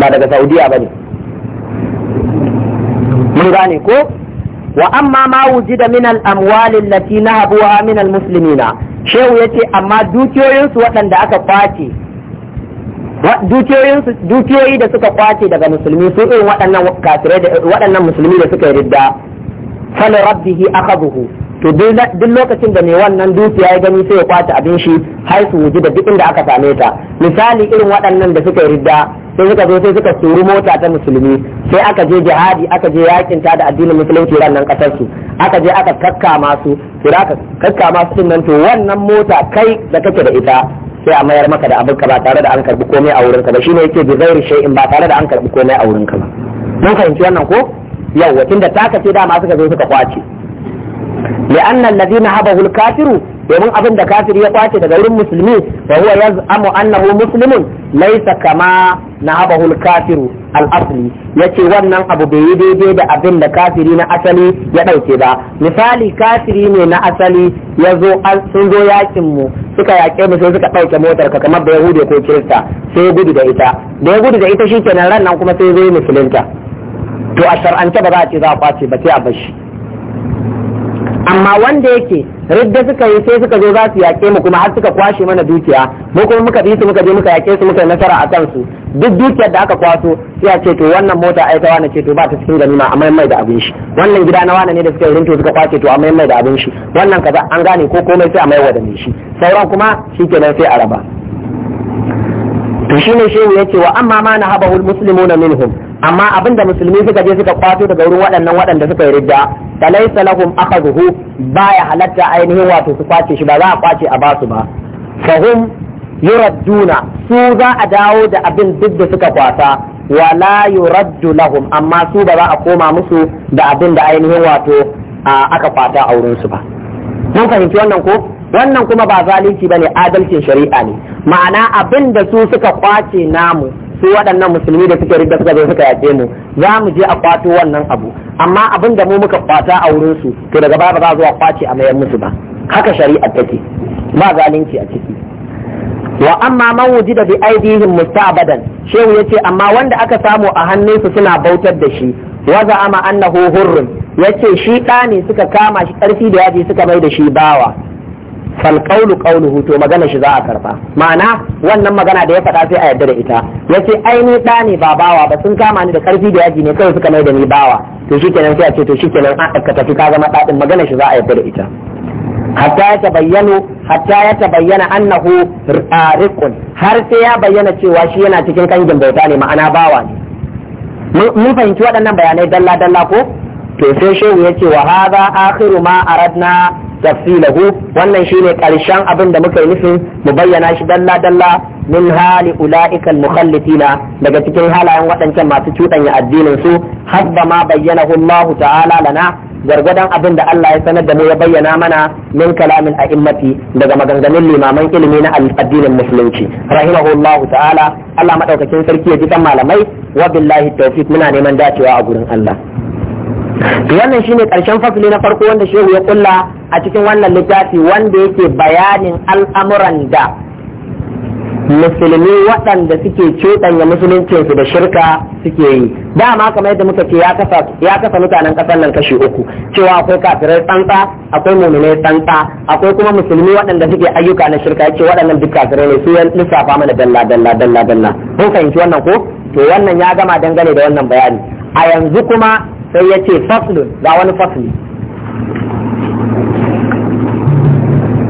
ba daga saudiya ba ne mun gane ko wa amma ma wujida min al amwal allati nahabuha min al muslimina shehu ya ce amma dukiyoyinsu waɗanda aka kwace dukiyoyi da suka kwace daga musulmi su irin waɗannan da waɗannan musulmi da suka yi ridda fal rabbihi akhadhu to duk lokacin da mai wannan dukiya ya gani sai ya kwace abin shi har su wuji da duk inda aka same ta misali irin waɗannan da suka yi ridda sai suka zo sai suka suru mota ta musulmi sai aka je jihadi aka je yakin ta da addinin musulunci ran nan kasar su aka je aka kakka masu kira ka kakka masu din nan to wannan mota kai da kake da ita sai a mayar maka da abin ka ba tare da an karbi komai a wurin ka ba shine yake bizairi shay'in ba tare da an karbi komai a wurin ka ba mun fahimci wannan ko yawa tunda taka ce dama suka zo suka kwace لأن na هبه الكافر domin abin da kafiri ya kwace daga wurin musulmi wa huwa yaz'amu annahu musulmin, laysa kama nahabahu al-kafiru al yace wannan abu bai yi daidai da abin da kafiri na asali ya ɗauke ba misali kafiri ne na asali ya zo sun zo yakin mu suka yake mu sai suka ɗauke motar ka kamar da yahude ko kirista sai ya gudu da ita da ya gudu da ita shikenan ran nan kuma sai ya zo musulunta to a shar'ance ba za a ce za a kwace ba sai a bar shi amma wanda yake ridda suka yi sai suka zo za su yaƙe mu kuma har suka kwashe mana dukiya mu kuma muka bi su muka je muka yaƙe su muka yi nasara a kansu duk dukiyar da aka kwaso sai a ce to wannan mota ai ta wani ce to ba ta cikin ganima amma mai da abin shi wannan gida na wani ne da suka yi rinto suka kwace to amma mai da abin shi wannan kaza an gane ko komai sai a mai da shi sauran kuma shi shikenan sai a raba to shine shehu yace wa amma ma na haba muslimuna minhum amma abin da musulmi suka je suka kwato daga wurin waɗannan waɗanda suka yi ridda falaisa lahum ba baya halatta ainihin wato su kwace shi ba za a kwace a basu ba fahum yuradduna su za a dawo da abin duk da suka kwata wala yuraddu lahum amma su ba za a koma musu da abin da ainihin wato aka kwata a wurin su ba mun fahimci wannan ko wannan kuma ba zalunci bane adalcin shari'a ne ma'ana abin da su suka kwace namu su waɗannan musulmi da suke ridda suka zo suka yaƙe mu za mu je a kwato wannan abu amma abin da mu muka kwata a wurin su to daga baya ba za zuwa kwace a mayar musu ba haka shari'a take ba zalunci a ciki wa amma man wujida bi aidihim musta'badan shehu yace amma wanda aka samu a hannunsu suna bautar da shi wa ama annahu hurrun yace shi ɗa ne suka kama shi ƙarfi da yaji suka mai da shi bawa fal ƙaulu hutu to magana shi za a karba ma'ana wannan magana da ya faɗa sai a yarda da ita ce ai ni ɗa ne ba bawa ba sun kama ni da ƙarfi da yaji ne kawai suka mai da ni bawa to kenan sai a ce to shikenan ka tafi ka zama ɗaɗin magana shi za a yarda da ita hatta ya tabayyana hatta ya tabayyana annahu riqun har sai ya bayyana cewa shi yana cikin kangin bauta ne ma'ana bawa ne mun fahimci waɗannan bayanai dalla dalla ko to sai shehu ce wa hadha akhiru ma aradna tafsilahu wannan shine karshen abin da muka yi nufin mu bayyana shi dalla dalla min hali ulaika al-mukhallitina daga cikin halayen waɗancan masu cuɗanya addinin su hadda ma bayyanahu Allah ta'ala lana gwargwadon abin da Allah ya sanar da mu ya bayyana mana min kalamin a'immati daga maganganun limaman ilimi na addinin musulunci rahimahullahu ta'ala Allah madaukakin sarki ya ji kan malamai wa billahi tawfiq muna neman dacewa a gurin Allah to wannan shine karshen fasali na farko wanda shehu ya kulla a cikin wannan littafi wanda yake bayanin al'amuran da musulmi waɗanda suke cuɗanya musuluncinsu da shirka suke yi dama kamar yadda muka ce ya kasa mutanen ƙasar nan kashi uku cewa akwai kafirai tsantsa akwai muminai tsantsa akwai kuma musulmi waɗanda suke ayyuka na shirka ya ce waɗannan duk kafirai ne su lissafa mana dalla dalla dalla dalla mun fahimci wannan ko to wannan ya gama dangane da wannan bayani a yanzu kuma sai ya ce faslun ga wani fasli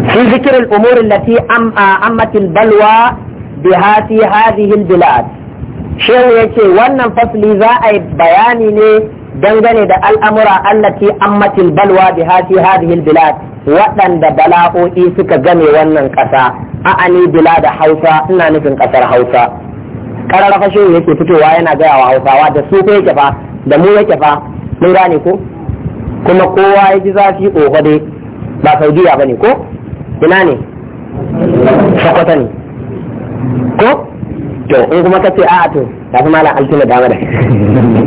في ذكر الأمور التي أمت البلوى بها في هذه البلاد shehu ya ce wannan fasli za a yi bayani ne dangane da al'amura allati ammatin balwa bi hafi hadihil bilad waɗanda bala'o'i suka game wannan ƙasa a'ani bila da hausa ina nufin ƙasar hausa ƙarar shehu yake fitowa yana gaya wa hausawa da su ko fa da mu yake fa mun gane ko kuma kowa ya ji zafi oho dai ba saudiya ba ne ko ina ne sokoto ne ko to in kuma ka ce a to fi malam alkila dama da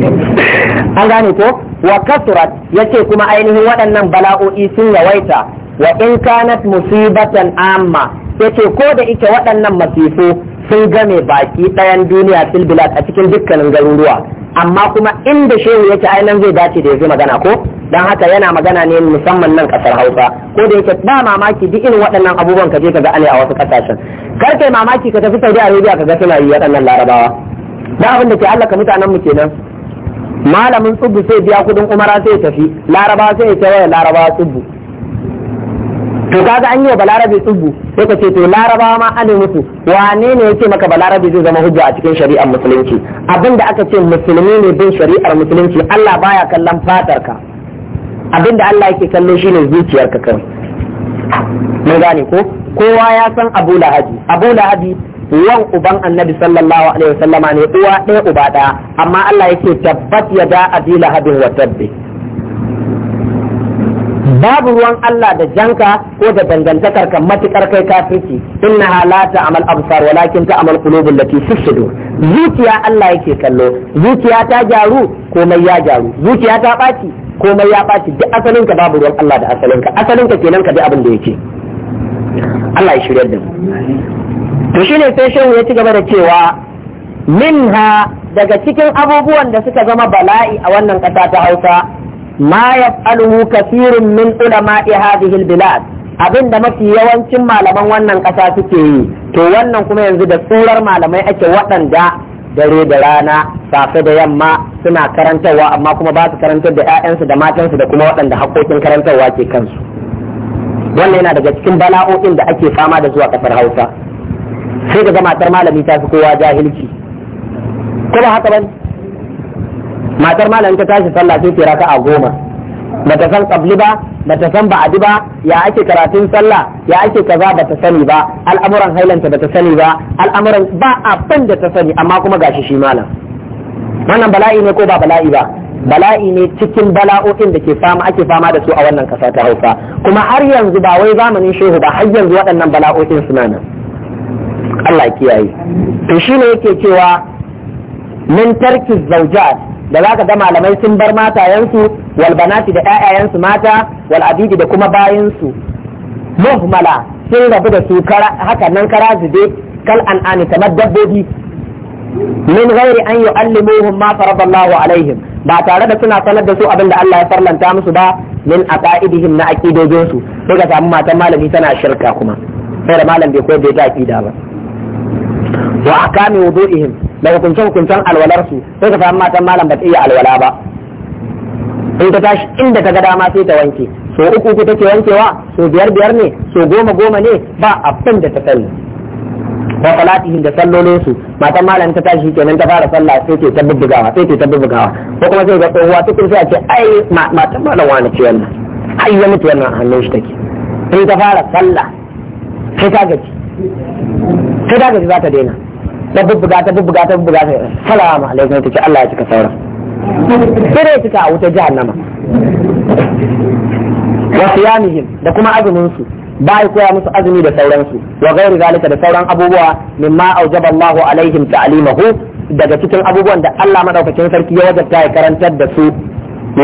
<laughs> an gane ko wa kasurat ce kuma ainihin waɗannan bala'o'i sun yawaita wa in kanat musibatan amma yace ko da ike waɗannan masifu sun game baki ɗayan duniya filbilat a cikin dukkanin garuruwa amma kuma inda shehu yake ainihin zai dace da ya magana ko dan haka yana magana ne musamman nan kasar Hausa ko da yake ba mamaki duk irin waɗannan abubuwan ka je ka ga ale a wasu kasashen kar kai mamaki ka tafi Saudi Arabia ka ga suna yi waɗannan Larabawa da abin da ke Allah ka mutanen mu kenan malamin tsubbu sai biya kudin umara sai tafi larabawa sai ya waya larabawa tsubbu to kaga an yi wa balarabe tsubu sai ka ce to larabawa ma ana mutu, wane ne yake maka balarabe zai zama hujja a cikin shari'ar musulunci abin aka ce musulmi ne bin shari'ar musulunci Allah baya kallon fatar ka abin da Allah yake kallon shine ka kan mun gane ko kowa ya san Abu Lahabi Abu Lahabi wan uban annabi sallallahu alaihi wasallama ne uwa ɗaya uba ɗaya amma Allah yake tabbat ya abu abi wa tabbi babu ruwan Allah da janka ko da dangantakar ka matukar kai kafirci inna la ta'mal absar walakin ta'mal qulubul lati fi zuciya Allah yake kallo zuciya ta jaru komai ya jaru zuciya ta baci komai ya baci duk asalin ka babu ruwan Allah da asalin ka asalin ka kenan ka bi abin da yake Allah ya shirya da to shine sai shehu ya ci gaba da cewa minha daga cikin abubuwan da suka zama bala'i a wannan kasa ta Hausa ma yaf'aluhu kathirun min ulama'i hadhihi albilad abin da mafi yawancin malaman wannan ƙasa suke yi to wannan kuma yanzu da tsurar malamai ake waɗanda dare da rana safe da yamma suna karantarwa amma kuma ba su karantar da 'ya'yansu da matansu da kuma waɗanda haƙoƙin karantarwa ke kansu wannan yana daga cikin bala'o'in da ake fama da zuwa ƙasar hausa sai ga matar malami ta fi kowa jahilci kuma haka bane matar malam ta tashi sallah sai ta raka'a goma bata san qabli ba bata san ba'adi ba ya ake karatun sallah ya ake kaza bata sani ba al'amuran hailanta bata sani ba al'amuran ba abin da ta sani amma kuma gashi shi malam wannan bala'i ne ko ba bala'i ba bala'i ne cikin bala'o'in da ke fama ake fama da su a wannan kasa ta Hausa kuma har yanzu ba wai zamanin shehu ba har yanzu waɗannan bala'o'in suna nan Allah kiyaye to shine yake cewa min tarki zawjat da za ka ga malamai sun bar matayensu wal banati da ƴaƴayensu mata wal abidi da kuma bayinsu muhmala sun rabu da su haka nan kara zube kal an'ami kamar dabbobi min ghairi an yu'allimuhum ma faradallahu alaihim ba tare da suna sanar da su abin da Allah ya farlanta musu ba min aqaidihim na aqidojinsu sai ka samu matan malami tana shirka kuma sai da malam bai koyar da ita aqida ba wa akami wudu'ihim da hukunce hukuncen alwalarsu sai ka samu matan malam ba ta iya alwala ba in ta tashi inda ta ga dama sai ta wanke so uku uku take wankewa so biyar biyar ne so goma goma ne ba abin da ta sani wa salatihim da sallolin su matan malam ta tashi kenan ta fara sallah sai ke ta bubbugawa sai ke ta bubbugawa ko kuma sai ga tsohuwa tukun sai a ce ai matan malam wani ce wannan ai ya mutu wannan hannun shi take sai ta fara sallah sai ta gaji ta daga za ta daina ta bubbuga ta bubbuga ta bubbuga ta salama alaikum ta ce Allah ya cika sauran sai ya cika a wuta jahannama wa siyamihim da kuma azumin su ba ya koya musu azumi da sauransu wa ghairi zalika da sauran abubuwa mimma aujaba Allahu alaihim ta'limahu daga cikin abubuwan da Allah madaukakin sarki ya wajabta ya karantar da su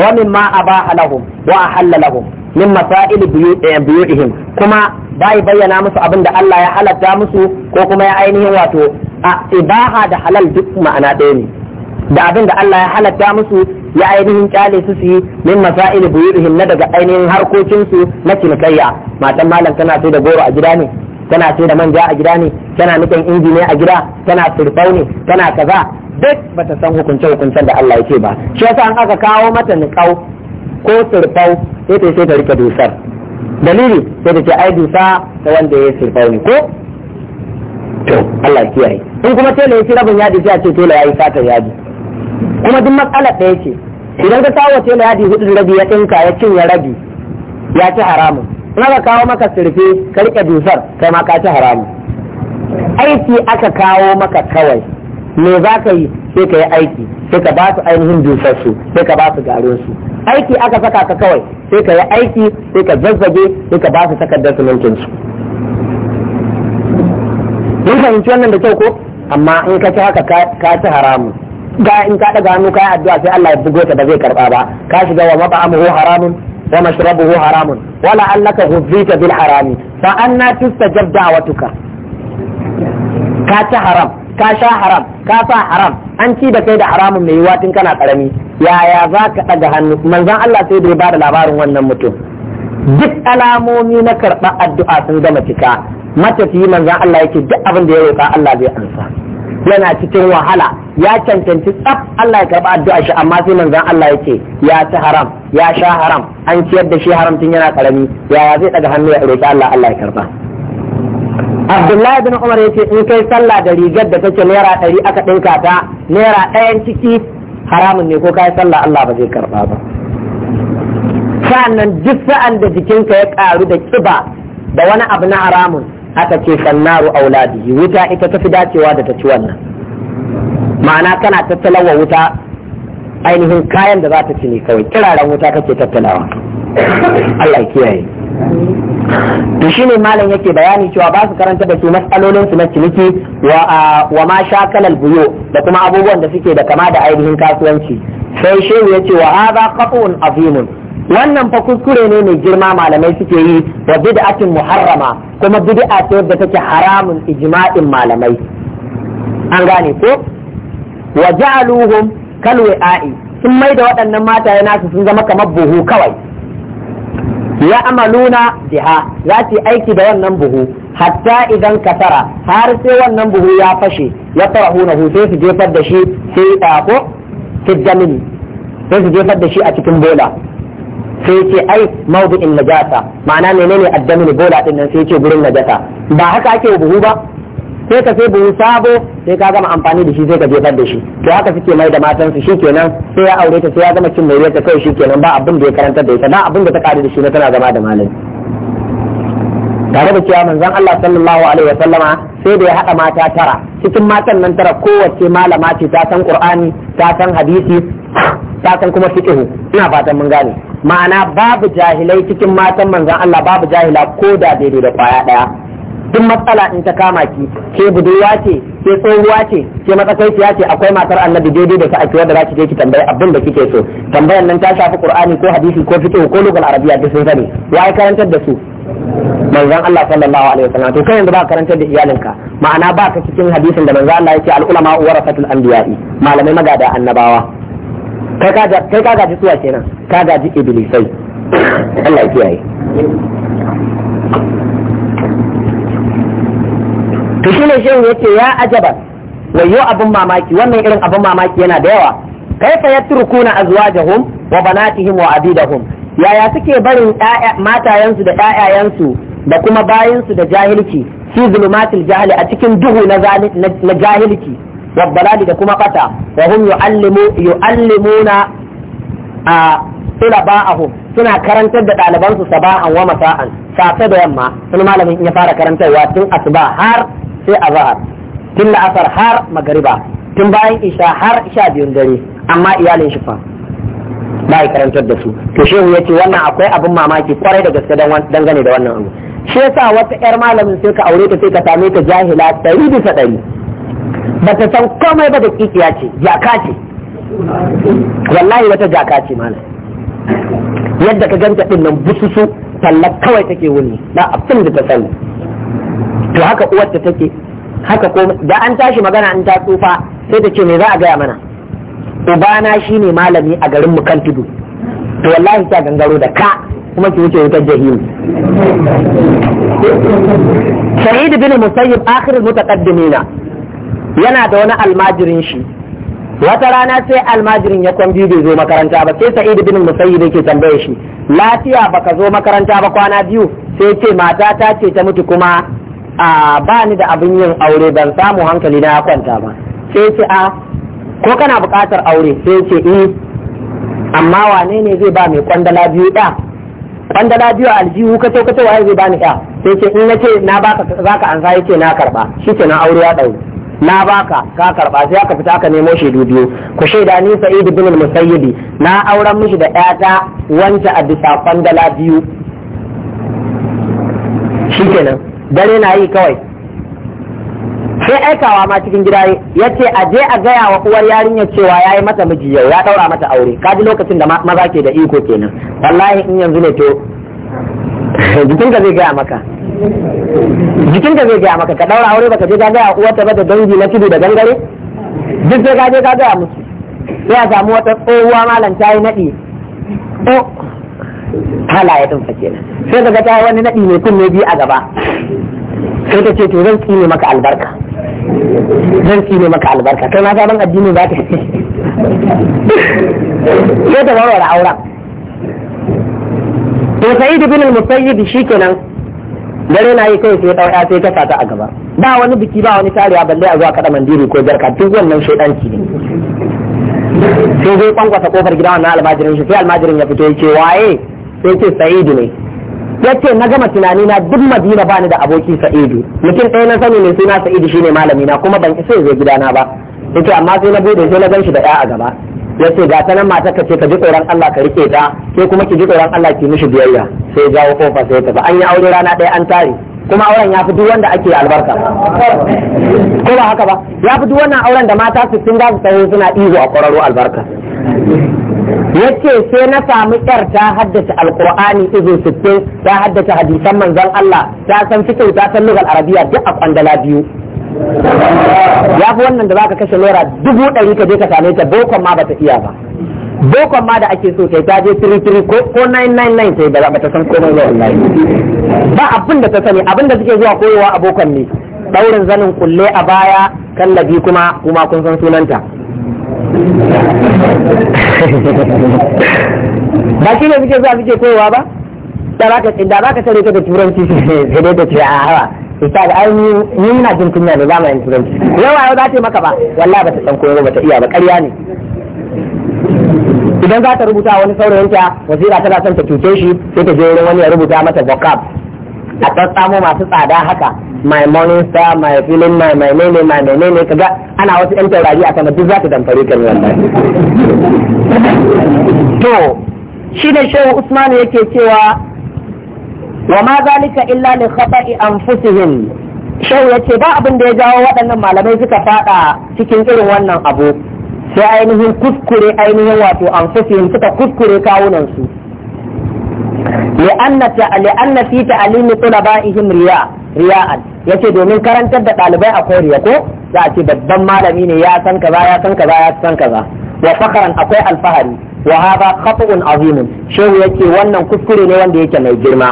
wa mimma abaha lahum wa ahalla lahum min masail eh, buyutihim kuma bai bayyana musu abin da Allah ya halatta musu ko kuma ya ainihin wato a ibaha da halal duk ma'ana ɗaya ne da abin da Allah ya halatta musu ya ainihin kyale su yi min masail buyutihim na daga ainihin harkokin su na cinikayya matan malam tana so da goro a gida ne tana so da manja a gida ne tana nufin inji a gida tana firfau ne tana kaza duk bata san hukunce hukuncen da Allah yake ba shi yasa an aka kawo mata niƙau ko sirfau sai ta sai ta rike dusar dalili sai ta ce ai dusa ta wanda ya sirfau ne ko to Allah kiyaye in kuma tela ya ci rabin yadi sai a ce tela ya yi satar yadi kuma duk matsalar ɗaya ce idan ka kawo tela yadi hudu rabi ya ɗinka ya cinye rabi ya ci haramun in aka kawo maka surfe ka rike dusar kai ma ka ci haramun aiki aka kawo maka kawai me za ka yi sai ka yi aiki sai ka ba su ainihin dusarsu sai ka ba su garinsu aiki aka saka ka kawai sai ka yi aiki sai ka zazzage sai ka ba su takardar simintin su mun fahimci wannan da kyau ko amma in ka ci haka ka ci haramun ga in ka daga hannu ka yi addu'a sai Allah ya bugo ta ba zai karba ba ka shiga wa mat'amuhu haramun wa mashrabuhu haramun wala allaka ghuzita bil harami fa anna tustajab da'watuka ka ci haram ka sha haram ka sa haram an ci da kai da haramun mai yiwuwa tun kana karami yaya za ka ɗaga hannu manzan Allah sai da ya bada labarin wannan mutum duk alamomi na karɓar addu'a sun gama cika matafiyi manzan Allah yake duk abin da ya roƙa Allah zai amsa yana cikin wahala ya cancanci tsaf Allah ya karɓa addu'a shi amma sai manzan Allah yake ya ci haram ya sha haram an ciyar da shi haram tun yana karami yaya zai ɗaga hannu ya roƙi Allah Allah ya karɓa abdullahi bin umar ya ce in kai sallah da rigar da take naira ɗari aka ɗinka ta naira ɗayan ciki haramun ne ko kayi sallah Allah ba zai karɓa ba sa'annan duk sa'an da jikinka ya ƙaru da kiba da wani abu na haramun aka ce sannaru auladi, wuta ita ta fi dacewa da ta ci wannan ma'ana kana tattalawa wuta ainihin kayan da za ta ci ne kawai kiraren wuta kake tattalawa Allah kiyaye to shine malam yake bayani cewa ba su karanta da su matsalolin su na ciniki wa wa ma shakalal buyo da kuma abubuwan da suke da kama da ainihin kasuwanci sai shehu yace wa hadha qat'un azimun wannan fa kuskure ne mai girma malamai suke yi wa bid'atin muharrama kuma bid'a ce da take haramun ijma'in malamai an gane ko wa ja'aluhum kalwi'a'i sun mai da waɗannan mataye nasu sun zama kamar buhu kawai ya amaluna biha za su aiki da wannan buhu hatta idan kasara har sai wannan buhu ya fashe ya farahuna hu sai su jefar da shi sai sai su jefar da shi a cikin bola sai ce ai mawdu'in najasa ma'ana menene addamin bola din nan sai ce gurin najasa ba haka ake buhu ba sai ka sai buhu sabo sai ka gama amfani da shi sai ka jefar da shi to haka suke mai da matan su shikenan sai ya aure ta sai ya gama cin mai ta kai shikenan ba abin da ya karantar da ita na abin da ta kare da shi na tana zama da malami tare da cewa manzon Allah sallallahu alaihi wasallama sai da ya hada mata tara cikin matan nan tara kowace malama ce ta san Qur'ani ta san hadisi ta san kuma fiqh ina fatan mun gane ma'ana babu jahilai cikin matan manzon Allah babu jahila ko da daidai da kwaya daya duk matsala in ta kama ki ke budurwa ce ke tsohuwa ce ke matsakaiciya ce akwai matar annabi daidai da ta ake wanda za ki je ki tambayi abin da kike so tambayan nan ta shafi qur'ani ko hadisi ko fiqh ko lugal arabiya duk sun sani ya karantar da su manzon Allah sallallahu alaihi wasallam to kai yanzu ba karantar da iyalinka ma'ana ba ka cikin hadisin da manzon Allah yake al-ulama warasatul anbiya'i malamai magada annabawa kai ka kai ka gaji suwa kenan ka gaji iblisai Allah ya kiyaye to shine shehu yace ya ajaba wayo abun mamaki wannan irin abun mamaki yana da yawa kaifa yatrukuna azwajahum wa banatihim wa abidahum yaya suke barin matayensu da ƴaƴayensu da kuma bayinsu da jahilci fi zulumatil jahili a cikin duhu na jahilci wa balali da kuma fata wa hum yuallimu yuallimuna a tulaba'ahum suna karantar da ɗalibansu saba'an wa masa'an safe da yamma sun malamin ya fara karantarwa tun asuba har sai a zahar tun la'asar har magariba tun bayan isha har sha biyun dare amma iyalin shi fa ba ya karantar da su to shehu ya ce wannan akwai abin mamaki kwarai da gaske dangane da wannan abu shi yasa wata yar malamin sai ka aure ta sai ka same ta jahila ɗari bisa ɗari ba ta san komai ba da kikiya ce jaka ce wallahi wata jaka ce malam yadda ka ganta ɗin nan bususu talla kawai take wuni na abin da ta sani to haka uwarta take haka ko da an tashi magana an ta tsufa sai ta ce me za a gaya mana ubana shine malami a garin mu kan tudu to wallahi ta gangaro da ka kuma ki wuce wutar jahim sa'id bin musayyib akhirul mutaqaddimina yana da wani almajirin shi wata rana sai almajirin ya kwambi bai zo makaranta ba sai sa'id bin musayyib yake tambaye shi lafiya baka zo makaranta ba kwana biyu sai ce mata ta ce ta mutu kuma a ba ni da abin yin aure ban samu hankali na ya kwanta ba sai ce a ko kana buƙatar aure sai ce eh amma wane ne zai ba mai kwandala biyu ɗa kwandala biyu aljihu kato-kato waye zai bani ɗa sai ce in nace na baka zaka ansa yace na karba aure ya ɗau na baka ka karba sai aka fita aka nemo shaidu biyu ku shaida ni sa'id bin al na auren mishi da ƴata wanda a bisa kwandala biyu shikenan dare na yi kawai sai aikawa ma cikin gida ya ce a je a gaya wa uwar yarinya cewa ya yi mata miji yau ya ɗaura mata aure kaji lokacin da maza ke da iko kenan wallahi in yanzu ne to jikinka zai gaya maka jikinka zai gaya maka ka ɗaura aure baka je ka gaya uwarta ba da dangi na tudu da gangare duk sai ka je ka gaya musu sai a samu wata tsohuwa malam ta yi naɗi halaye din fa na sai daga ta wani naɗi mai kunne biyu a gaba sai ta ce to zan tsine maka albarka zan tsine maka albarka kai na sabon addini za ta sai ta warware auren to sai da bin shi shikenan dare na yi kai sai wata sai ta sata a gaba ba wani biki ba wani tariya balle a zuwa kada mandiri ko jarka duk wannan shaidanci ne sai zai kwankwasa kofar gida wannan almajirin shi sai almajirin ya fito ya ce waye sai ce sa'idu ne yace na gama tunani na duk madina ba ni da aboki sa'idu mutum ɗaya na sani mai suna sa'idu shine malami na kuma ban isa zai na ba yace amma sai na bude sai na gan shi da ɗaya a gaba yace ga ta nan mata ka ce ka ji tsoron Allah ka rike ta sai kuma ki ji tsoron Allah ki mishi biyayya sai ya jawo kofa sai ya tafi an yi aure rana ɗaya an tare kuma auren ya fi duk wanda ake albarka ko ba haka ba ya fi duk wannan auren da mata su sun ga su suna ihu a kwararo albarka yace sai na samu ƙyar ta haddace alqur'ani izo sittin ta haddace hadisan manzon Allah ta san fiqh ta san lugal arabiya duk a kwandala biyu ya fi wannan da zaka kashe lora dubu ɗari ka je ka same ta bokon ma bata iya ba bokon ma da ake so kai ta je tiri ko 999 sai ba ta san komai ba wallahi ba abin da ta sani abin da suke zuwa koyowa a bokon ne daurin zanin kulle a baya kallabi kuma kuma kun san sunanta <laughs> ba shi ne muke zuwa muke koyowa ba da ba ka ka tare ka da turanci <laughs> sai dai ta ce a hawa ita da ai ni ina jin kunya ne, mu yin turanci yawa yau za ta maka ba wallahi ba ta san koyo ba ta iya ba ƙarya ne idan za ta rubuta wani saurayinta wasira ta son ta cuce shi sai ta je wurin wani ya rubuta mata vocab a tsatsamo masu tsada haka my morning star my filin my my nene my my ne kaga ana wasu yan taurari a sama duk za ta damfare ka wannan <laughs> to shi ne shehu usman yake cewa wa ma zalika illa li khata'i anfusihim shehu yace ba abin da ya jawo waɗannan malamai suka fada cikin irin wannan abu sai ainihin kuskure ainihin wato anfusihim suka kuskure kawunan su li'anna fi ta'alimi tulaba'ihim riya' riya'an yace domin karantar da ɗalibai akwai riya ko za a ce babban malami ne ya san kaza ya san kaza ya san kaza wa fakaran akwai alfahari wa hadha khata'un azimun shehu yake wannan kuskure ne wanda yake mai girma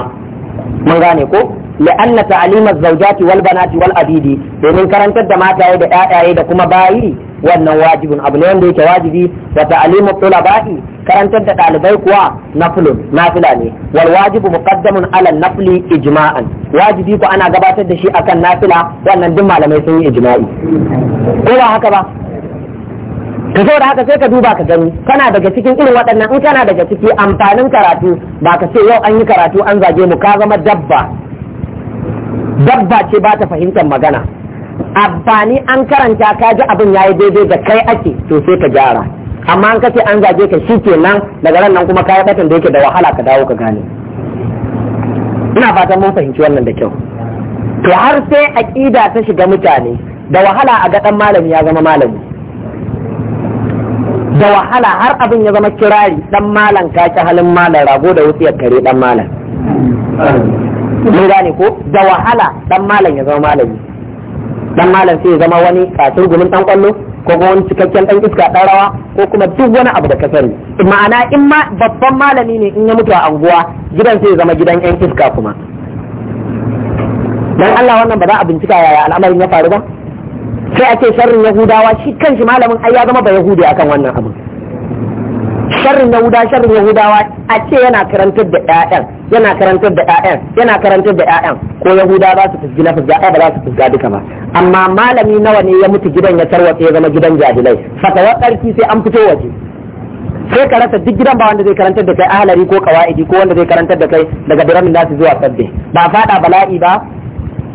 mun gane ko لأن تعليم الزوجات والبنات والأبيد domin karantar da mataye da ƴaƴaye da kuma bayi wannan wajibin abu ne wanda yake wajibi wa ta'limu tulaba'i karantar da ɗalibai kuwa nafilun nafila ne wal wajibu muqaddamun ala nafli ijma'an wajibi ko ana gabatar da shi akan nafila wannan duk malamai sun yi ijma'i ko ba haka ba ka zo da haka sai ka duba ka gani kana daga cikin irin waɗannan in kana daga ciki amfanin karatu ba ka ce yau an yi karatu an zage mu ka zama dabba dabba ce ba ta fahimtar magana amfani an karanta ka ji abin yi daidai da kai ake to sai ka gyara amma an kace an zage ka nan daga ran nan kuma kayi batun da yake da wahala ka dawo ka gane ina fatan mun fahimci wannan da kyau to har sai aqida ta shiga mutane da wahala a ga dan malami ya zama malami da wahala har abin ya zama kirari dan malam ka ci halin malam rago da wutsiyar kare dan malam mun gane ko da wahala dan malam ya zama malami dan malam sai ya zama wani katur gumin dan kwallo ko kuma wani cikakken dan iska dan rawa ko kuma duk wani abu da ka sani ma'ana in ma babban malami ne in ya mutu a anguwa gidan sai ya zama gidan yan iska kuma dan Allah wannan ba za a bincika yaya al'amarin ya faru ba sai a ce sharrin yahudawa shi kanshi malamin ai ya zama ba yahudi akan wannan abu sharrin yahuda sharrin yahudawa a ce yana karantar da ƴaƴan yana karantar da ƴaƴan yana karantar da ƴaƴan ko yahuda ba su fusgi na ai ba za su fusga duka ba amma malami nawa ne ya mutu gidan ya tarwatse ya zama gidan jahilai fatawa tsarki sai an fito waje sai ka rasa duk gidan ba wanda zai karantar da kai ahlari ko kawaidi ko wanda zai karantar da kai daga biramin nasu zuwa sabbe ba fada bala'i ba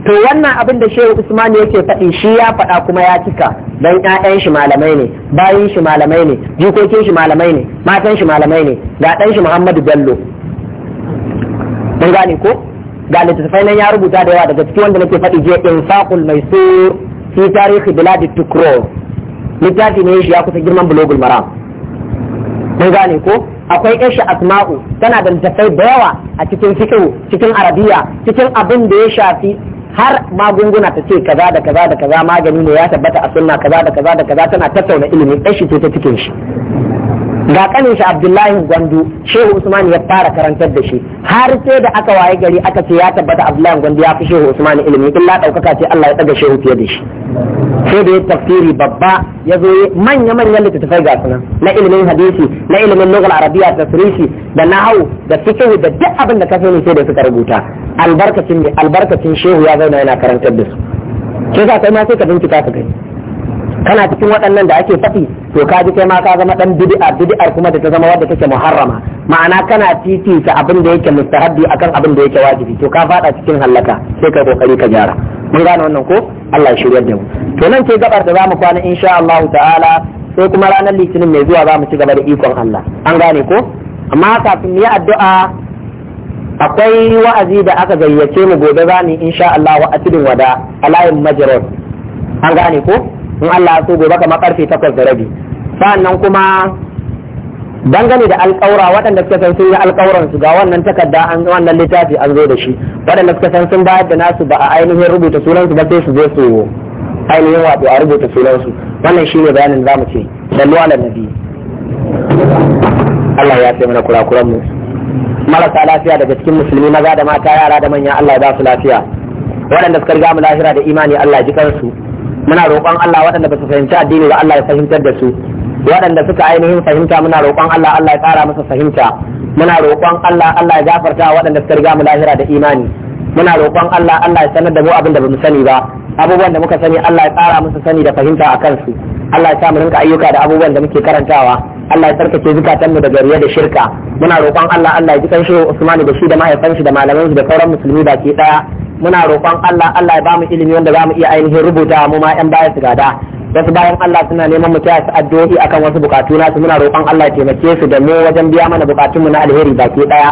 to wannan abin da shehu usman yake faɗi shi ya faɗa kuma ya cika dan ƴaƴan shi malamai ne bayin shi malamai ne jikokin shi malamai ne matan shi malamai ne ga dan shi Muhammadu Bello mun gane ko ga littattafai nan ya rubuta da yawa daga cikin wanda nake faɗi je infaqul maisur fi tarihi biladi tukro littafi ne shi ya kusa girman bulogul maram mun gane ko akwai ishi asma'u tana da littattafai da yawa a cikin fiqh cikin arabiya cikin abin da ya shafi har magunguna ta ce kaza da kaza da kaza magani ne ya tabbata a sunna kaza da kaza da kaza tana tattauna ilimi ɗan shi ta cikin shi ga kanin shi Abdullahi Gwandu Shehu Usman ya fara karantar da shi har sai da aka waye gari aka ce ya tabbata Abdullahi Gwandu ya fi Shehu Usman ilimi illa daukaka ce Allah ya tsaga Shehu fiye da shi sai da ya tafsiri babba ya zo manya manya littattafai ga sunan na ilimin hadisi na ilimin lugal arabiya da tasrifi da nahau da fiqh da duk abin da ka sani sai da suka rubuta albarkacin albarkacin Shehu ya zauna yana karantar da su sai ka kai ma sai ka bincika ka kai kana cikin waɗannan da ake faɗi to ka ji kai ma ka zama dan bid'a bid'ar kuma da ta zama wadda take muharrama ma'ana kana titi ta abin da yake mustahabbi akan abin da yake wajibi to ka fada cikin halaka sai ka kokari ka gyara mun gane wannan ko Allah ya shiryar da mu to nan ce gabar da zamu kwana insha Allah ta'ala sai kuma ranar litinin mai zuwa zamu ci gaba da ikon Allah an gane ko amma kafin yi addu'a akwai wa'azi da aka gayyace mu gobe za insha Allah wa atidin wada a layin majrur an gane ko in Allah so gobe kamar karfe takwas da rabi sa'annan kuma dangane da alƙawura waɗanda suka san sun yi alƙawuran su ga wannan takarda an wannan littafi an zo da shi waɗanda suka san sun bayar da nasu ba a ainihin rubuta sunan su ba sai su zo su ainihin wato a rubuta sunan su wannan shine bayanin zamu ce sallu ala nabi Allah ya sai mana kurakuran mu marasa lafiya daga cikin musulmi maza da mata yara da manya Allah ya ba su lafiya waɗanda suka riga mu lahira da imani Allah ya ji kansu muna roƙon Allah waɗanda ba su fahimci addini ba Allah ya fahimtar da su waɗanda suka ainihin fahimta muna roƙon Allah Allah ya ƙara musu fahimta muna roƙon Allah Allah ya gafarta waɗanda suka riga mu lahira da imani muna roƙon Allah Allah ya sanar da mu abin da bamu sani ba abubuwan da muka sani Allah ya ƙara musu sani da fahimta a kansu Allah ya sa mu rinka ayyuka da abubuwan da muke karantawa Allah ya tsarkake zukatanmu da gariya da shirka muna roƙon Allah Allah ya ji kan shi Usman da shi da mahaifansa da malaman su da sauran musulmi baki ɗaya muna roƙon Allah Allah ya bamu ilimi wanda za mu iya ainihin rubuta mu ma yan baya su gada wasu bayan Allah suna neman mu kiyaye su addu'o'i akan wasu bukatu su muna roƙon Allah ya taimake su da mu wajen biya mana mu na alheri baki daya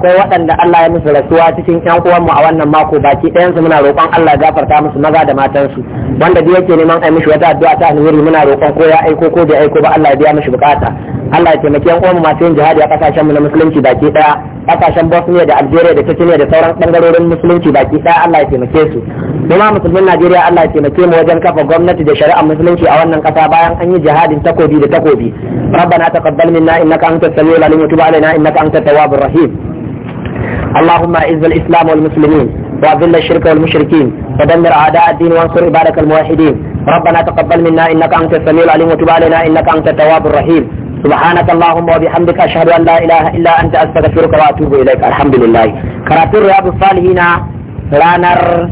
Ko waɗanda Allah ya musu rasuwa cikin ƴan mu a wannan mako baki ɗayansu muna roƙon Allah ya gafarta musu maza da matan su wanda duk yake neman ai mishi wata addu'a ta alheri muna roƙon ko ya aiko ko bai aiko ba Allah ya biya mishi bukata Allah ya taimake ƴan mu masu yin jihadi a mu na musulunci baki daya kasashen bosnia da algeria da chechnya da sauran bangarorin musulunci baki ɗaya allah ya taimake su kuma musulmin najeriya allah ya taimake mu wajen kafa gwamnati da shari'a musulunci a wannan kasa bayan an yi jihadin takobi da takobi rabbana taqabbal minna innaka antas samiul alim wa tub alaina innaka antat tawwabur rahim اللهم اعز الاسلام والمسلمين واذل الشرك والمشركين ودمر اعداء الدين وانصر عبادك الموحدين ربنا تقبل منا انك انت السميع العليم وتب علينا انك انت التواب الرحيم subhanaka allahumma wa bihamdika ashhadu an la ilaha illa anta astaghfiruka wa atubu ilaik alhamdulillah karatun riyadu salihina ranar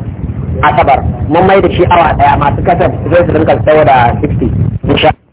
asabar mun mai da shi awa daya masu kasar zai su rinka tsawo da 60